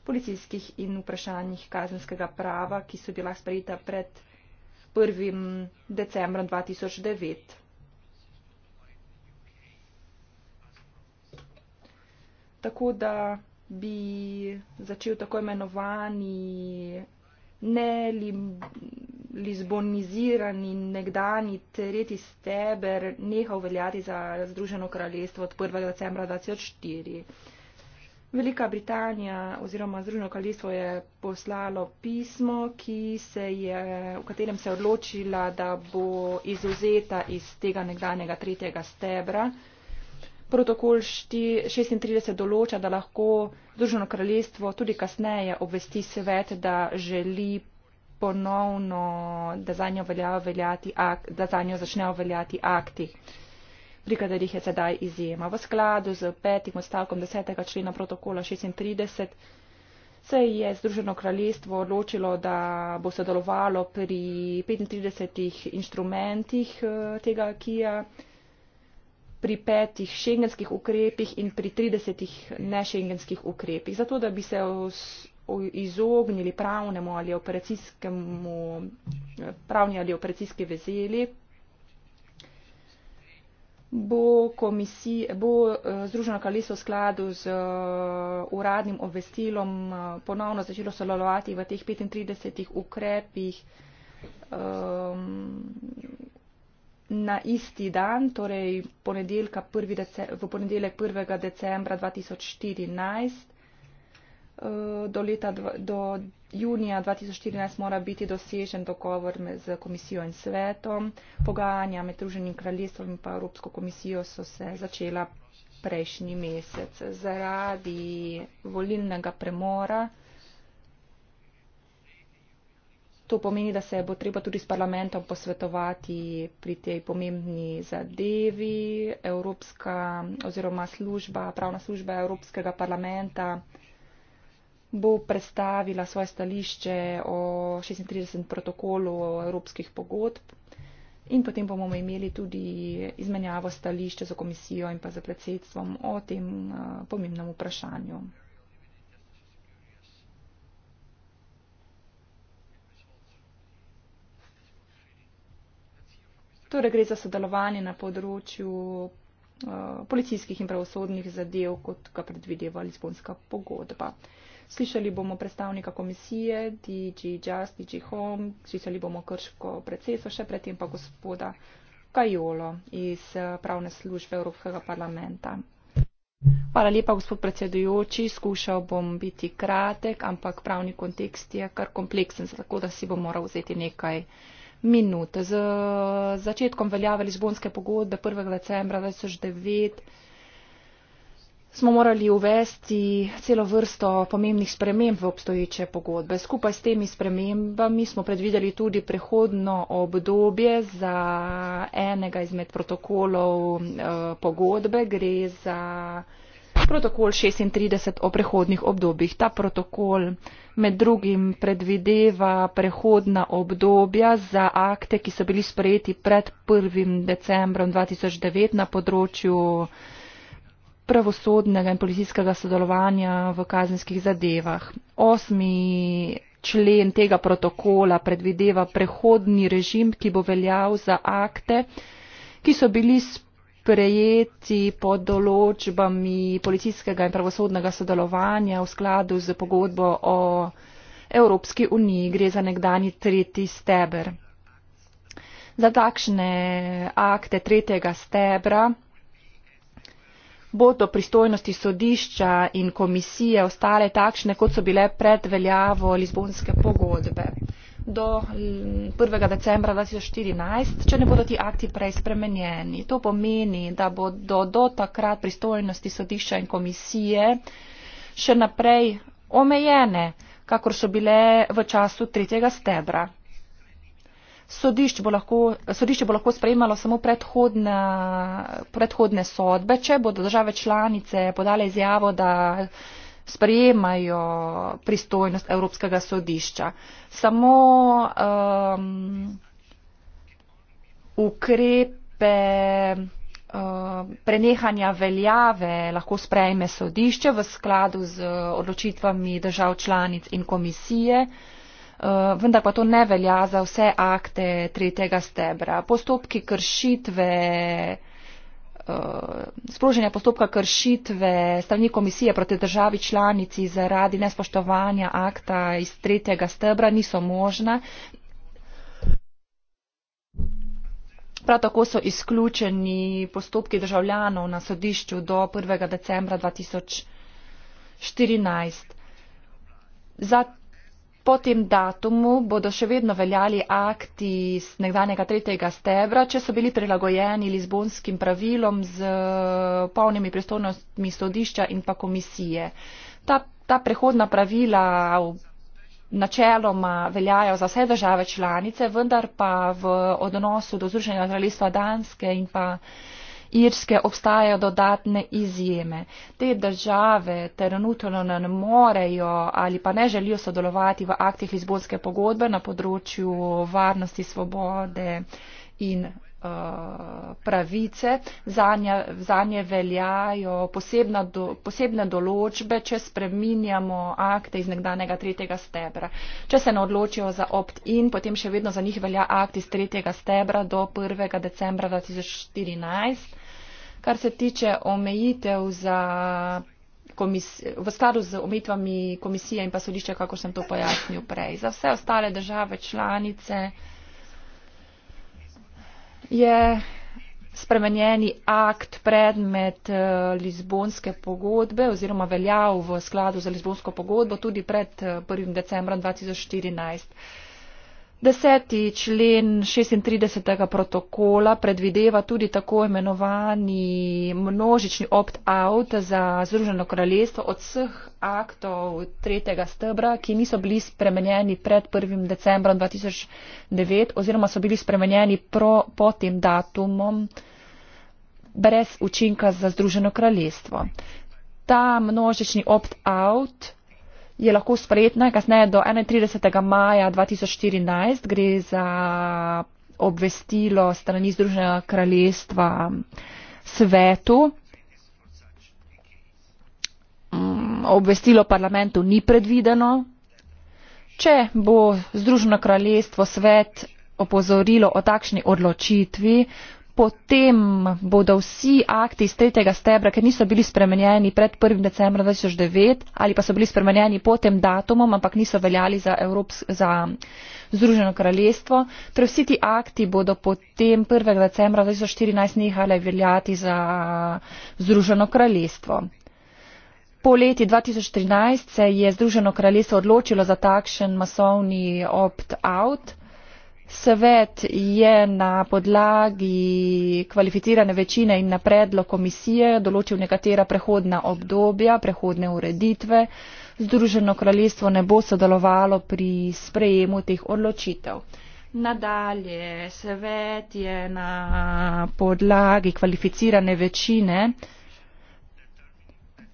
policijskih in vprašanjih kazenskega prava, ki so bila sprejeta pred 1. decembrom 2009. Tako da bi začel tako imenovani nelizbonizirani nekdani tretji steber nehal veljati za Združeno kraljestvo od 1. decembra 2004. Velika Britanija oziroma Združeno kraljestvo je poslalo pismo, se je, v katerem se je odločila, da bo izuzeta iz tega nekdanjega tretjega stebra. Protokol 36 določa, da lahko Združeno kraljestvo tudi kasneje obvesti svet, da želi ponovno, da za njo, veljati, da za njo začnejo veljati akti pri katerih je sedaj izjema. V skladu z petim odstavkom desetega člena protokola 36 se je Združeno kraljestvo odločilo, da bo sodelovalo pri 35 inštrumentih eh, tega akija pri petih šengenskih ukrepih in pri 30 nešengenskih ukrepih, zato da bi se izognili pravnemu ali operacijskemu, pravni ali operacijski vezeli, bo, komisij, bo eh, Združeno kraljestvo v skladu z eh, uradnim obvestilom eh, ponovno začelo sodelovati v teh 35 ukrepih. Um, na isti dan, torej ponedeljka, v ponedeljek 1. decembra 2014, eh, do, leta, do junija 2014 mora biti dosežen dogovor z komisijo in svetom. Pogajanja med Druženim kraljestvom in pa Evropsko komisijo so se začela prejšnji mesec zaradi volilnega premora. To pomeni, da se bo treba tudi s parlamentom posvetovati pri tej pomembni zadevi. Evropska oziroma služba, pravna služba Evropskega parlamenta bo predstavila svoje stališče o 36. protokolu o evropskih pogodb in potem bomo imeli tudi izmenjavo stališče za komisijo in pa za predsedstvom o tem eh, pomembnem vprašanju. Torej gre za sodelovanje na področju eh, policijskih in pravosodnih zadev, kot ga predvideva Lizbonska pogodba. Slišali bomo predstavnika komisije, DG Just, DG Home, slišali bomo krško predsedstvo, še predtem pa gospoda Kajolo iz eh, pravne službe Evropskega parlamenta. Hvala lepa, gospod predsedujoči. Skušal bom biti kratek, ampak pravni kontekst je kar kompleksen, tako da si bom moral vzeti nekaj minut. Z začetkom veljave Lizbonske pogodbe 1. decembra 2009 smo morali uvesti celo vrsto pomembnih sprememb v obstoječe pogodbe. Skupaj s temi spremembami smo predvideli tudi prehodno obdobje za enega izmed protokolov eh, pogodbe. Gre za eh, protokol 36 o prehodnih obdobjih. Ta protokol med drugim predvideva prehodna obdobja za akte, ki so bili sprejeti pred 1. decembrom 2009 na področju pravosodnega in policijskega sodelovanja v kazenskih zadevah. Osmi člen tega protokola predvideva prehodni režim, ki bo veljal za akte, ki so bili sprejeti prejeti pod določbami policijskega in pravosodnega sodelovanja v skladu z pogodbo o Evropski uniji. Gre za nekdani tretji steber. Za takšne akte tretjega stebra bodo pristojnosti sodišča in komisije ostale takšne, kot so bile pred veljavo Lizbonske pogodbe do 1. Mm, decembra 2014, če ne bodo ti akti prej spremenjeni. To pomeni, da bodo do takrat pristojnosti sodišča in komisije še naprej omejene, kakor so bile v času tretjega stebra. Sodišč bo lahko, sodišče bo lahko sprejemalo samo predhodne, predhodne sodbe, če bodo države članice podale izjavo, da sprejemajo pristojnost Evropskega sodišča. Samo um, ukrepe um, prenehanja veljave lahko sprejme sodišče v skladu z odločitvami držav članic in komisije, uh, vendar pa to ne velja za vse akte tretjega stebra. Postopki kršitve Eh, sproženja postopka kršitve strani komisije proti državi članici zaradi nespoštovanja akta iz tretjega stebra niso možna. Prav tako so izključeni postopki državljanov na sodišču do 1. decembra 2014. Za Po tem datumu bodo še vedno veljali akti iz nekdanjega tretjega stebra, če so bili prilagojeni lizbonskim pravilom z eh, polnimi pristojnostmi sodišča in pa komisije. Ta, ta prehodna pravila načeloma veljajo za vse države članice, vendar pa v odnosu do Združenja kraljestva Danske in pa. Irske obstajajo dodatne izjeme. Te države trenutno ne morejo ali pa ne želijo sodelovati v aktih Lizbonske pogodbe na področju varnosti, svobode in uh, pravice. Za nje veljajo posebna do, posebne določbe, če spreminjamo akte iz nekdanjega tretjega stebra. Če se ne odločijo za opt-in, potem še vedno za njih velja akt iz tretjega stebra do 1. decembra 2014. Kar se tiče omejitev za v skladu z omejitvami komisije in pa sodišča, kako sem to pojasnil prej. Za vse ostale države članice je spremenjeni akt predmet eh, Lizbonske pogodbe oziroma veljav v skladu z Lizbonsko pogodbo tudi pred 1. Eh, decembrom 2014. Deseti člen 36. protokola predvideva tudi tako imenovani množični opt-out za Združeno kraljestvo od vseh aktov tretjega stebra, ki niso bili spremenjeni pred 1. decembrom 2009 oziroma so bili spremenjeni po tem datumom brez učinka za Združeno kraljestvo. Ta množični opt-out je lahko sprejet najkasneje do 31. maja 2014. Gre za obvestilo strani Združenega kraljestva svetu. Mm, obvestilo parlamentu ni predvideno. Če bo Združeno kraljestvo svet opozorilo o takšni odločitvi, potem bodo vsi akti iz tretjega stebra, ker niso bili spremenjeni pred 1. decembrom 2009 ali pa so bili spremenjeni po tem datumom, ampak niso veljali za, Evrops za Združeno kraljestvo. Torej vsi ti akti bodo potem 1. decembra 2014 nehali veljati za Združeno kraljestvo. Po leti 2013 se je Združeno kraljestvo odločilo za takšen masovni opt-out. Svet je na podlagi kvalificirane večine in na predlog komisije določil nekatera prehodna obdobja, prehodne ureditve. Združeno kraljestvo ne bo sodelovalo pri sprejemu teh odločitev. Nadalje, svet je na podlagi kvalificirane večine,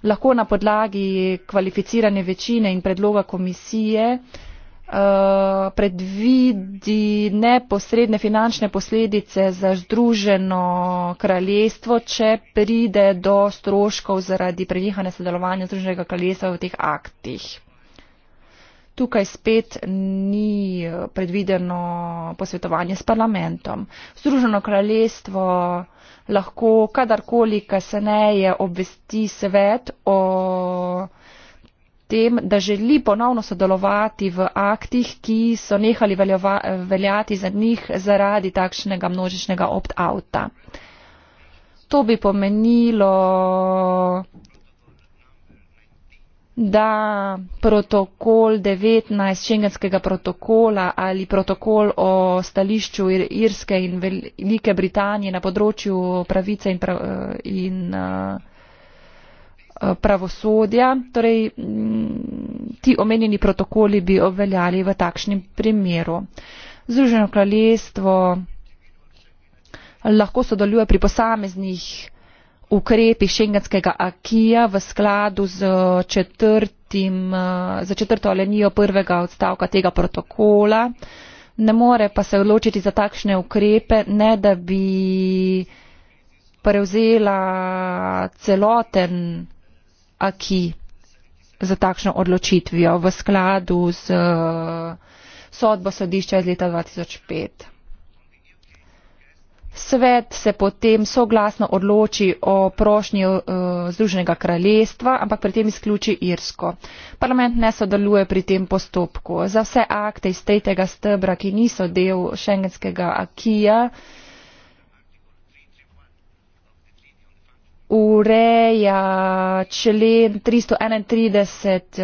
lahko na podlagi kvalificirane večine in predloga komisije, Eh, predvidi neposredne finančne posledice za združeno kraljestvo, če pride do stroškov zaradi prenehanja sodelovanja združenega kraljestva v teh aktih. Tukaj spet ni eh, predvideno posvetovanje s parlamentom. Združeno kraljestvo lahko kadarkoli kasneje obvesti svet o tem, da želi ponovno sodelovati v aktih, ki so nehali veljova, veljati za njih zaradi takšnega množičnega opt-outa. To bi pomenilo, da protokol 19 šengenskega protokola ali protokol o stališču Irske in Velike Britanije na področju pravice in, prav, eh, in uh, Eh, pravosodja. Torej, ti omenjeni protokoli bi obveljali v takšnem primeru. Združeno kraljestvo lahko sodeluje pri posameznih ukrepih šengenskega akija v skladu z četrtim, eh, za četrto alenijo prvega odstavka tega protokola. Ne more pa se odločiti za takšne ukrepe, ne da bi prevzela celoten aki za takšno odločitvijo v skladu z eh, sodbo sodišča iz leta 2005. Svet se potem soglasno odloči o prošnji uh, Združenega kraljestva, ampak pri tem izključi Irsko. Parlament ne sodeluje pri tem postopku. Za vse akte iz tretjega stebra, ki niso del šengenskega akija, uh, ureja člen 331 eh,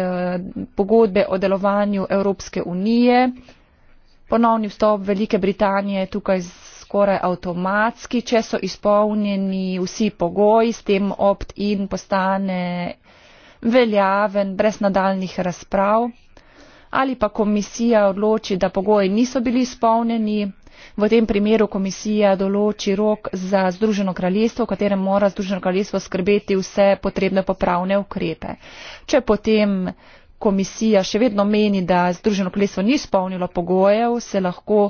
pogodbe o delovanju Evropske unije. Ponovni vstop Velike Britanije je tukaj skoraj avtomatski, če so izpolnjeni vsi pogoji, s tem opt-in postane veljaven brez nadaljnih razprav ali pa komisija odloči, da pogoji niso bili izpolnjeni, V tem primeru komisija določi rok za Združeno kraljestvo, v katerem mora Združeno kraljestvo skrbeti vse potrebne popravne ukrepe. Če potem komisija še vedno meni, da Združeno kraljestvo ni spolnilo pogojev, se lahko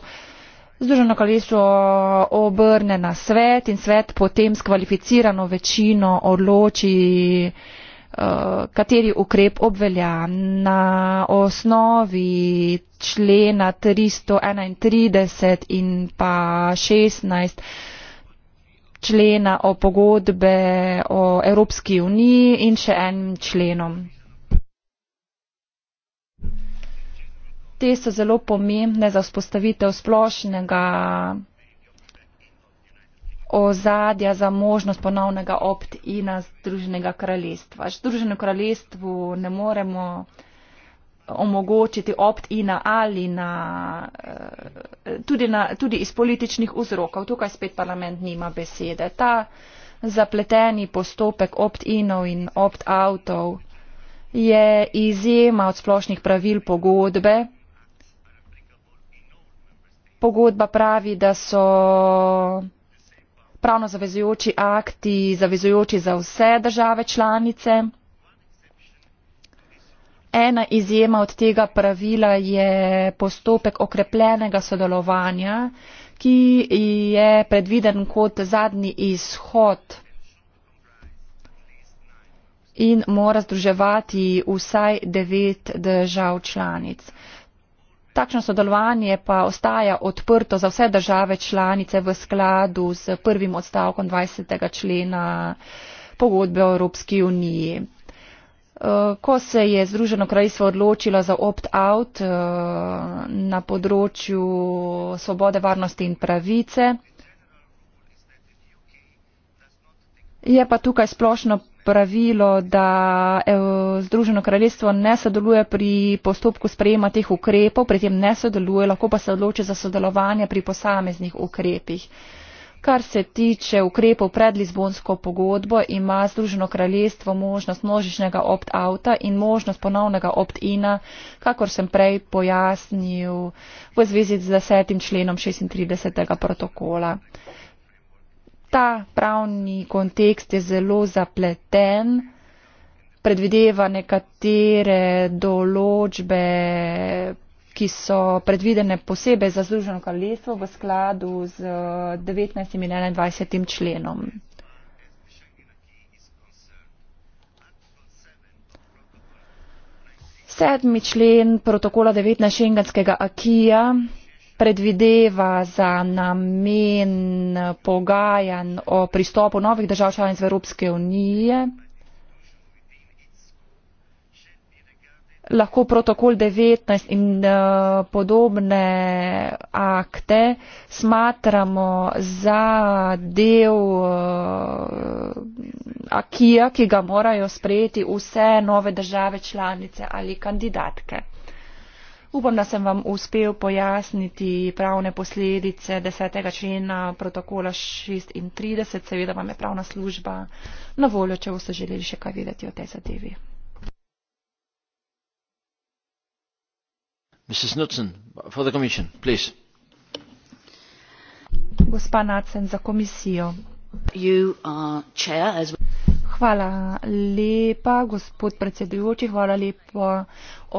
Združeno kraljestvo obrne na svet in svet potem s kvalificirano večino odloči, Eh, kateri ukrep obvelja na osnovi člena 331 in pa 16 člena o pogodbe o Evropski uniji in še enim členom. Te so zelo pomembne za vzpostavitev splošnega ozadja za možnost ponovnega opt-ina Združenega kraljestva. Združenem kraljestvu ne moremo omogočiti opt-ina ali na, eh, tudi, na, tudi iz političnih vzrokov. Tukaj spet parlament nima besede. Ta zapleteni postopek opt-inov in opt-outov je izjema od splošnih pravil pogodbe. Pogodba pravi, da so pravno zavezujoči akti, zavezujoči za vse države članice. Ena izjema od tega pravila je postopek okrepljenega sodelovanja, ki je predviden kot zadnji izhod in mora združevati vsaj devet držav članic. Takšno sodelovanje pa ostaja odprto za vse države članice v skladu s prvim odstavkom 20. člena pogodbe o Evropski uniji. Eh, ko se je Združeno kraljstvo odločilo za opt-out eh, na področju svobode, varnosti in pravice, je pa tukaj splošno pravilo, da eh, Združeno kraljestvo ne sodeluje pri postopku sprejema teh ukrepov, pri tem ne sodeluje, lahko pa se odloči za sodelovanje pri posameznih ukrepih. Kar se tiče ukrepov pred Lizbonsko pogodbo, ima Združeno kraljestvo možnost množičnega opt-outa in možnost ponovnega opt-ina, kakor sem prej pojasnil v zvezi z desetim členom 36. protokola ta pravni kontekst je zelo zapleten, predvideva nekatere določbe, ki so predvidene posebej za Združeno kraljestvo v skladu z 19. Eh, in 21. členom. Sedmi člen protokola 19. šengenskega akija predvideva za namen pogajanj o pristopu novih držav članic v Evropske unije. lahko protokol 19 in uh, podobne akte smatramo za del uh, akija, ki ga morajo sprejeti vse nove države članice ali kandidatke. Upam, da sem vam uspel pojasniti pravne posledice 10. člena protokola 36. Seveda vam je pravna služba na voljo, če boste želeli še kaj vedeti o tej zadevi. Mrs. Knudsen, for the commission, please. Gospa Nacen za komisijo. You are chair as well. Hvala lepa, gospod predsedujoči, hvala lepa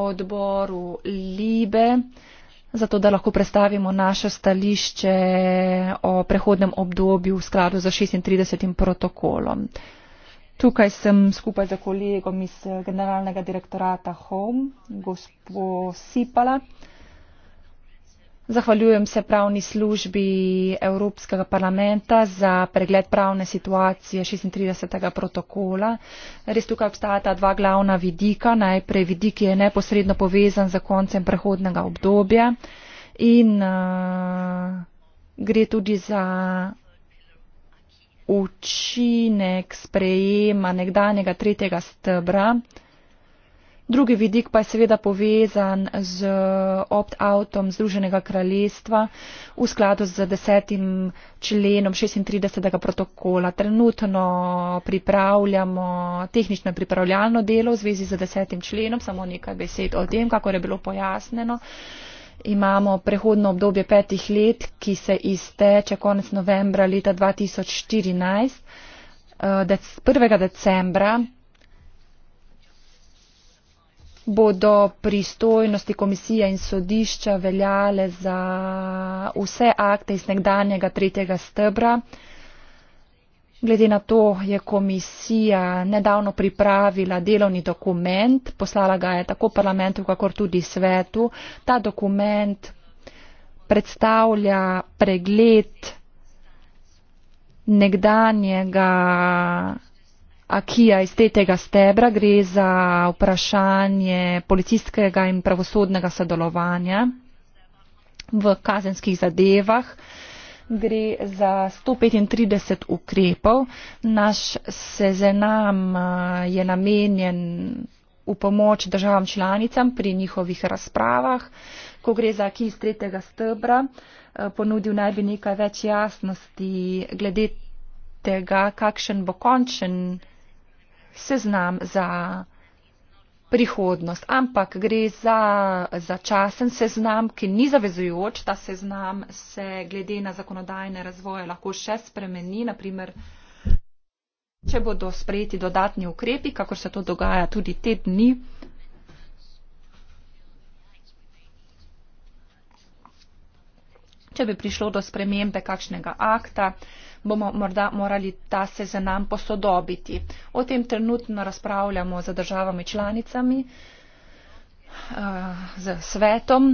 odboru Libe za to, da lahko predstavimo naše stališče o prehodnem obdobju v skladu za 36. protokolom. Tukaj sem skupaj z kolegom iz generalnega direktorata HOM, gospod Sipala. Zahvaljujem se pravni službi Evropskega parlamenta za pregled pravne situacije 36. protokola. Res tukaj obstajata dva glavna vidika. Najprej vidik je neposredno povezan z koncem prehodnega obdobja in uh, gre tudi za učinek sprejema nekdanjega tretjega stebra Drugi vidik pa je seveda povezan z opt-outom Združenega kraljestva v skladu z desetim členom 36. protokola. Trenutno pripravljamo tehnično pripravljalno delo v zvezi z desetim členom, samo nekaj besed o tem, kako je bilo pojasneno. Imamo prehodno obdobje petih let, ki se izteče konec novembra leta 2014. 1. Eh, decembra bodo pristojnosti komisije in sodišča veljale za vse akte iz nekdanjega tretjega stebra. Glede na to je komisija nedavno pripravila delovni dokument, poslala ga je tako parlamentu, kakor tudi svetu. Ta dokument predstavlja pregled nekdanjega akija iz tega stebra, gre za vprašanje policijskega in pravosodnega sodelovanja v kazenskih zadevah. Gre za 135 ukrepov. Naš seznam eh, je namenjen v pomoč državam članicam pri njihovih razpravah. Ko gre za akij iz tretjega stebra, eh, ponudil naj bi nekaj več jasnosti glede tega, kakšen bo končen seznam za prihodnost, ampak gre za začasen seznam, ki ni zavezujoč. Ta seznam se glede na zakonodajne razvoje lahko še spremeni, naprimer, če bodo sprejeti dodatni ukrepi, kako se to dogaja tudi te dni. Če bi prišlo do spremembe kakšnega akta, bomo morda morali ta se za nam posodobiti. O tem trenutno razpravljamo z državami članicami, eh, z svetom,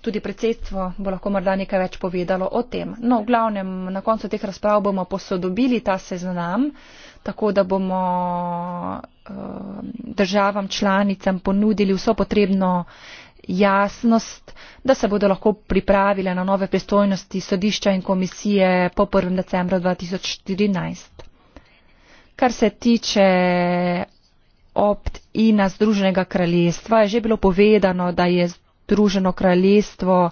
tudi predsedstvo bo lahko morda nekaj več povedalo o tem. No, v glavnem, na koncu teh razprav bomo posodobili ta seznam, tako da bomo eh, državam članicam ponudili vso potrebno jasnost, da se bodo lahko pripravile na nove pristojnosti sodišča in komisije po 1. decembru 2014. Kar se tiče opt-ina Združenega kraljestva, je že bilo povedano, da je Združeno kraljestvo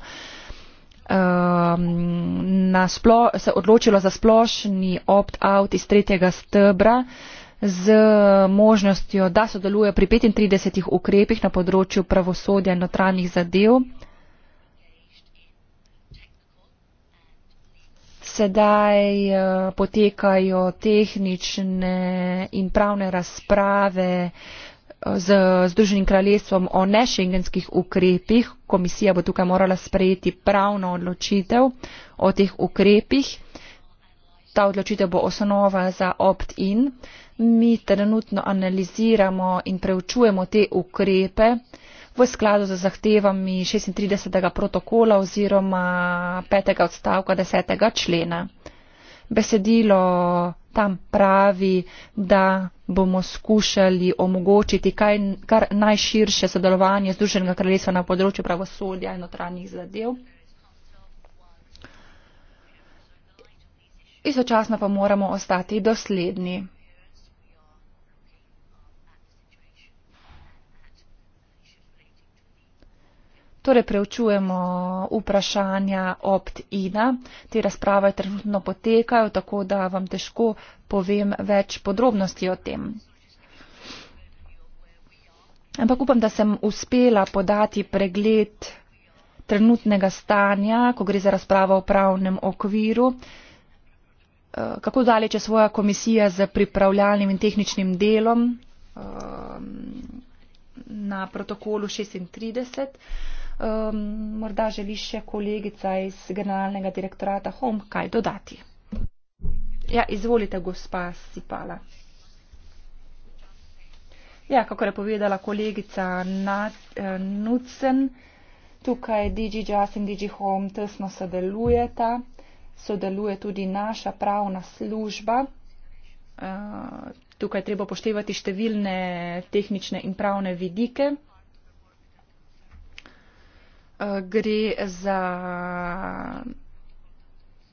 um, splo, se odločilo za splošni opt-out iz tretjega stebra. Uh, z možnostjo, da sodeluje pri 35 ukrepih na področju pravosodja in notranjih zadev. Sedaj eh, potekajo tehnične in pravne razprave eh, z Združenim kraljestvom o nešengenskih ukrepih. Komisija bo tukaj morala sprejeti pravno odločitev o teh ukrepih. Ta odločitev bo osnova za opt-in mi trenutno analiziramo in preučujemo te ukrepe v skladu z zahtevami 36. protokola oziroma 5. odstavka 10. člena. Besedilo tam pravi, da bomo skušali omogočiti kaj, kar najširše sodelovanje Združenega kraljestva na področju pravosodja in notranjih zadev. Istočasno pa moramo ostati dosledni. Torej preučujemo vprašanja opt-ina. Te razprave trenutno potekajo, tako da vam težko povem več podrobnosti o tem. Ampak upam, da sem uspela podati pregled trenutnega stanja, ko gre za razpravo o pravnem okviru, eh, kako daleč je svoja komisija z pripravljalnim in tehničnim delom eh, na protokolu 36. Um, morda želi še kolegica iz generalnega direktorata HOM kaj dodati. Ja, izvolite, gospa Sipala. Ja, kako je povedala kolegica eh, Nudsen, tukaj DG Jazz in DG Home tesno sodelujeta, sodeluje tudi naša pravna služba. Eh, tukaj treba poštevati številne tehnične in pravne vidike. Eh, gre za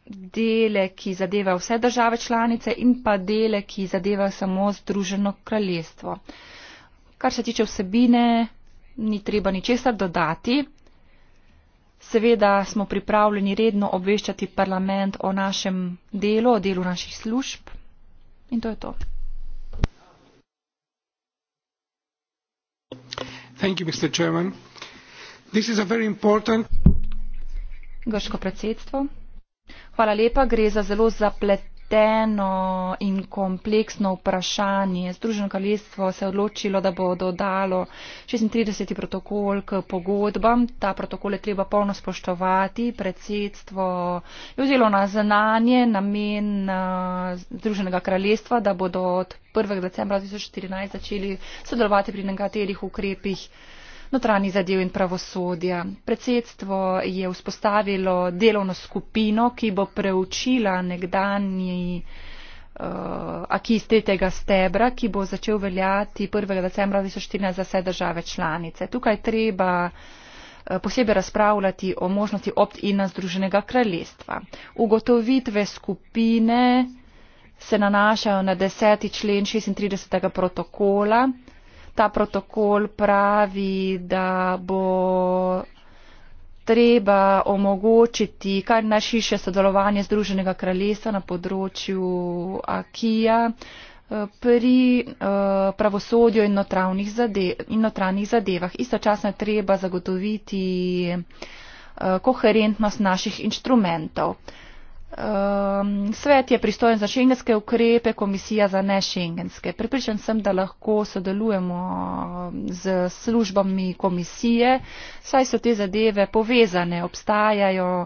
dele, ki zadeva vse države članice in pa dele, ki zadeva samo Združeno kraljestvo. Kar se tiče vsebine, ni treba ničesar dodati. Seveda smo pripravljeni redno obveščati parlament o našem delu, o delu naših služb in to je to. Thank you, Mr. Chairman hvala lepa gre za zelo zapleteno in kompleksno vprašanje združeno kraljestvo se je odločilo da bo dodalo 36. protokol k pogodbam ta protokol je treba polno spoštovati predsedstvo je vzelo na znanje namen eh, združenega kraljestva da bodo od 1. decembra 2014 začeli sodelovati pri nekaterih ukrepih notranji zadev in pravosodja. Predsedstvo je vzpostavilo delovno skupino, ki bo preučila nekdanji uh, eh, akiz tretjega stebra, ki bo začel veljati 1. decembra 2014 za vse države članice. Tukaj treba eh, posebej razpravljati o možnosti opt-ina Združenega kraljestva. Ugotovitve skupine se nanašajo na 10. člen 36. protokola, ta protokol pravi, da bo treba omogočiti kar najširše sodelovanje Združenega kraljestva na področju Akija eh, pri eh, pravosodju in notranjih zadevah. Istočasno je treba zagotoviti eh, koherentnost naših inštrumentov. Um, svet je pristojen za šengenske ukrepe, komisija za nešengenske. Pripričan sem, da lahko sodelujemo ehm, z službami komisije, saj so te zadeve povezane, obstajajo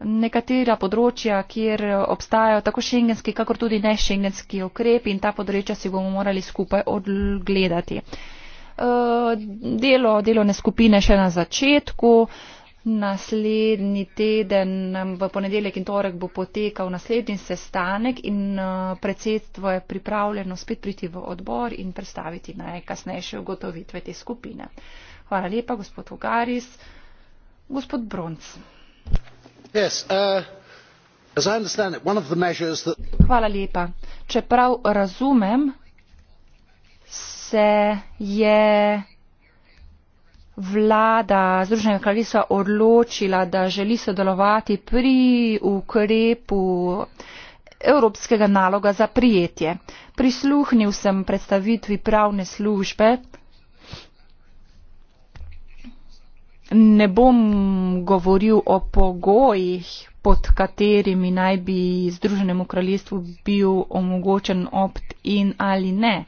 nekatera področja, kjer obstajajo tako šengenski, kakor tudi nešengenski ukrepi in ta področja si bomo morali skupaj odgledati. Uh, delo delovne skupine še na začetku. Uh, Naslednji teden, v ponedeljek in torek, bo potekal naslednji sestanek in eh, predsedstvo je pripravljeno spet priti v odbor in predstaviti najkasnejše ugotovitve te skupine. Hvala lepa, gospod Ugaris. Gospod Bronc. Yes, uh, that... Hvala lepa. Čeprav razumem, se je. Yeah, vlada Združenega kraljestva odločila, da želi sodelovati pri ukrepu evropskega naloga za prijetje. Prisluhnil sem predstavitvi pravne službe. Ne bom govoril o pogojih, pod katerimi naj bi Združenemu kraljestvu bil omogočen opt-in ali ne.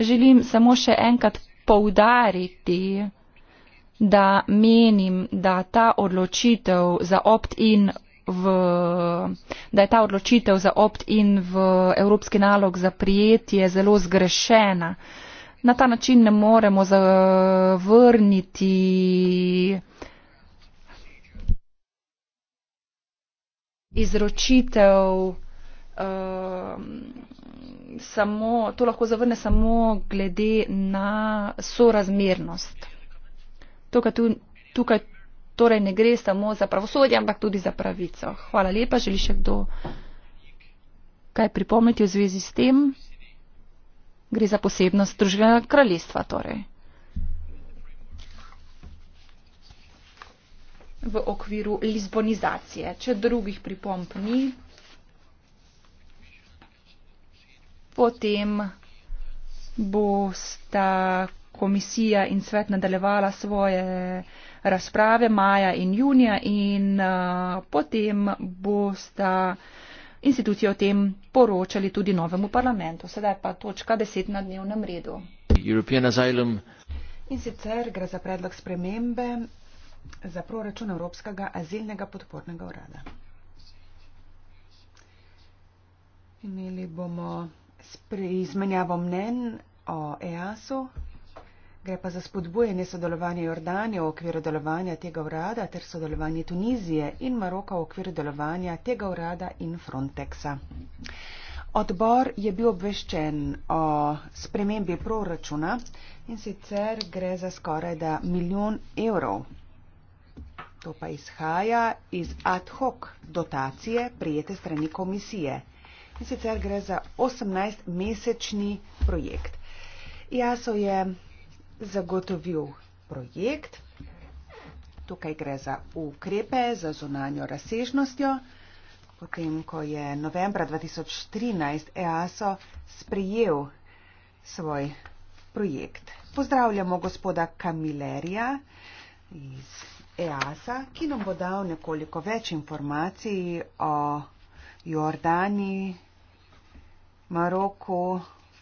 Želim samo še enkrat poudariti, da menim, da ta odločitev za opt-in V, da je ta odločitev za opt-in v evropski nalog za prijetje zelo zgrešena. Na ta način ne moremo zavrniti izročitev, um, samo, to lahko zavrne samo glede na sorazmernost to, kar tu, tukaj torej ne gre samo za pravosodje, ampak tudi za pravico. Hvala lepa. Želi še kdo kaj pripomniti v zvezi s tem? Gre za posebnost družbenega kraljestva. Torej. v okviru lizbonizacije. Če drugih pripomp ni, potem bosta komisija in svet nadaljevala svoje razprave maja in junija in uh, potem bosta institucije o tem poročali tudi novemu parlamentu. Sedaj pa točka 10 na dnevnem redu. In sicer gre za predlog spremembe za proračun Evropskega azilnega podpornega urada. Imeli bomo izmenjavo mnen o EAS-u, Gre pa za spodbujanje sodelovanja Jordanije v okviru delovanja tega urada ter sodelovanje Tunizije in Maroka v okviru delovanja tega urada in Frontexa. Odbor je bil obveščen o spremembi proračuna in sicer gre za skoraj da milijon evrov. To pa izhaja iz ad hoc dotacije prijete strani komisije. In sicer gre za 18-mesečni projekt. Jaso je zagotovil projekt. Tukaj gre za ukrepe za zunanjo razsežnostjo. Potem, ko je novembra 2013 EASO sprejel svoj projekt. Pozdravljamo gospoda Kamilerija iz EASA, ki nam bo dal nekoliko več informacij o Jordani, Maroku,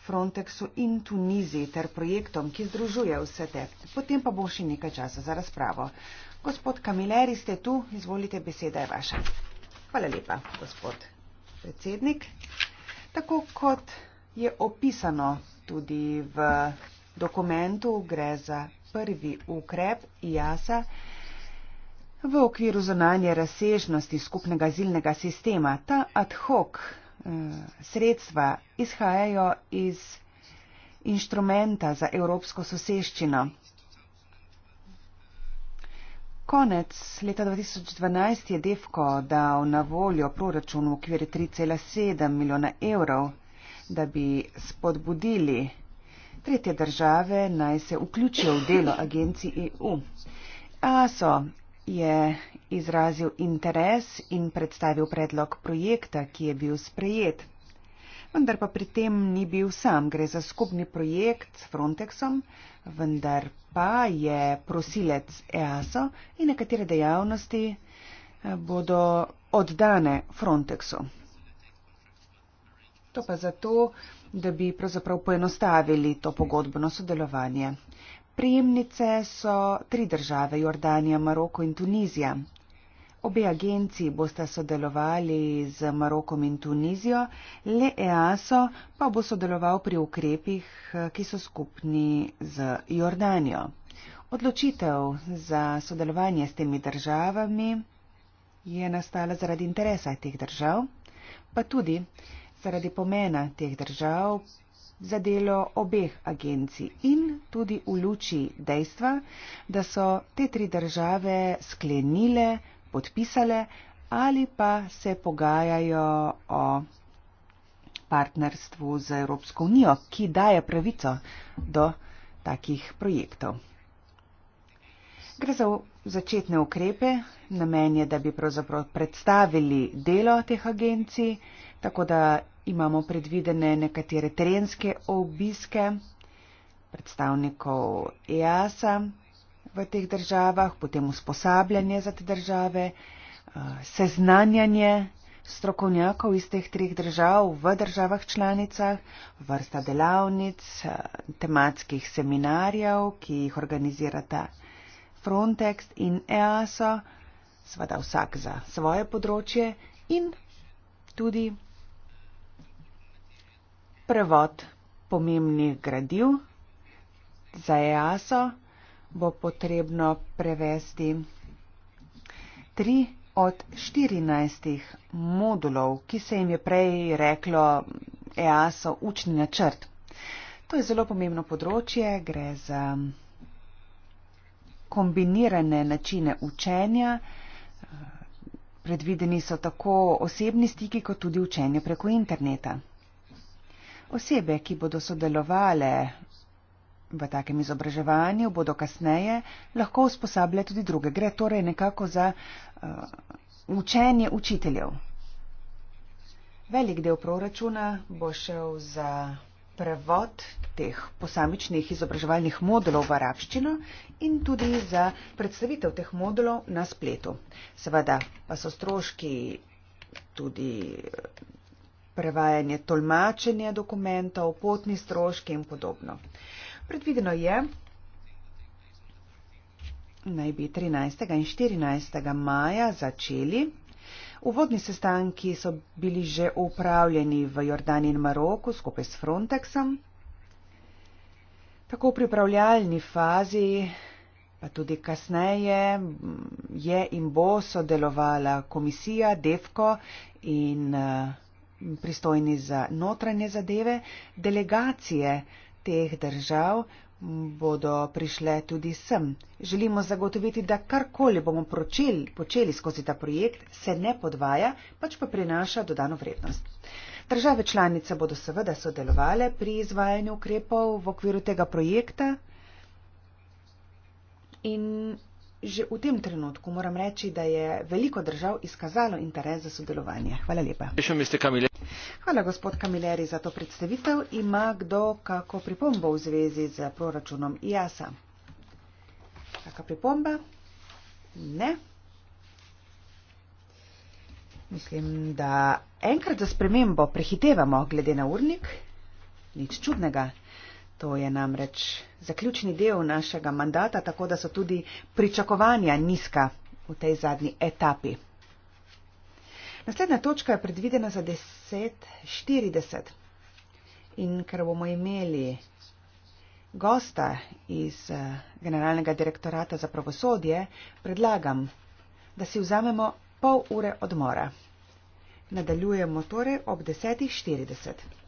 Frontexu in Tuniziji ter projektom, ki združuje vse te. Potem pa bo še nekaj časa za razpravo. Gospod Kamileri, ste tu, izvolite, beseda je vaša. Hvala lepa, gospod predsednik. Tako kot je opisano tudi v dokumentu, gre za prvi ukrep IASA v okviru zonanje razsežnosti skupnega zilnega sistema. Ta ad hoc Eh, sredstva izhajajo iz inštrumenta za evropsko soseščino. Konec leta 2012 je Defko dal na voljo proračun v okviru 3,7 milijona evrov, da bi spodbudili tretje države naj se vključijo v delo agencij EU. ASO je izrazil interes in predstavil predlog projekta, ki je bil sprejet. Vendar pa pri tem ni bil sam, gre za skupni projekt s Frontexom, vendar pa je prosilec EASO in nekatere dejavnosti eh, bodo oddane Frontexu. To pa zato, da bi pravzaprav poenostavili to pogodbeno sodelovanje. Prijemnice so tri države - Jordanija, Maroko in Tunizija. Obe agenciji boste sodelovali z Marokom in Tunizijo, le EASO pa bo sodeloval pri ukrepih, ki so skupni z Jordanijo. Odločitev za sodelovanje s temi državami je nastala zaradi interesa teh držav, pa tudi zaradi pomena teh držav za delo obeh agencij in tudi v luči dejstva, da so te tri države sklenile, podpisale ali pa se pogajajo o partnerstvu z Evropsko unijo, ki daje pravico do takih projektov. Gre za začetne ukrepe, namen je, da bi pravzaprav predstavili delo teh agencij, tako da imamo predvidene nekatere terenske obiske predstavnikov EASA v teh državah, potem usposabljanje za te države, eh, seznanjanje strokovnjakov iz teh treh držav v državah članicah, vrsta delavnic, eh, tematskih seminarjev, ki jih organizirata Frontex in EASA, seveda vsak za svoje področje in tudi prevod pomembnih gradiv. Za EASO bo potrebno prevesti tri od štirinajstih modulov, ki se jim je prej reklo EASO učni načrt. To je zelo pomembno področje, gre za kombinirane načine učenja. Predvideni so tako osebni stiki, kot tudi učenje preko interneta. Osebe, ki bodo sodelovale v takem izobraževanju, bodo kasneje lahko usposabljale tudi druge. Gre torej nekako za uh, učenje učiteljev. Velik del proračuna bo šel za prevod teh posamičnih izobraževalnih modulov v arabščino in tudi za predstavitev teh modulov na spletu. Seveda pa so stroški tudi prevajanje, tolmačenje dokumentov, potni stroški in podobno. Predvideno je, naj bi 13. in 14. maja začeli. Uvodni sestanki so bili že upravljeni v Jordani in Maroku skupaj s Frontexom. Tako v pripravljalni fazi, pa tudi kasneje, je in bo sodelovala komisija DEFCO in uh, pristojni za notranje zadeve, delegacije teh držav bodo prišle tudi sem. Želimo zagotoviti, da karkoli bomo počeli, počeli skozi ta projekt, se ne podvaja, pač pa prinaša dodano vrednost. Države članice bodo seveda sodelovale pri izvajanju ukrepov v okviru tega projekta in že v tem trenutku moram reči, da je veliko držav izkazalo interes za sodelovanje. Hvala lepa. Hvala, gospod Kamileri, za to predstavitev. Ima kdo kako pripombo v zvezi z proračunom IASA? Kaka pripomba? Ne. Mislim, da enkrat za spremembo prehitevamo glede na urnik. Nič čudnega. To je namreč zaključni del našega mandata, tako da so tudi pričakovanja nizka v tej zadnji etapi. Naslednja točka je predvidena za 10.40. In ker bomo imeli gosta iz eh, Generalnega direktorata za pravosodje, predlagam, da si vzamemo pol ure odmora. Nadaljujemo torej ob 10.40.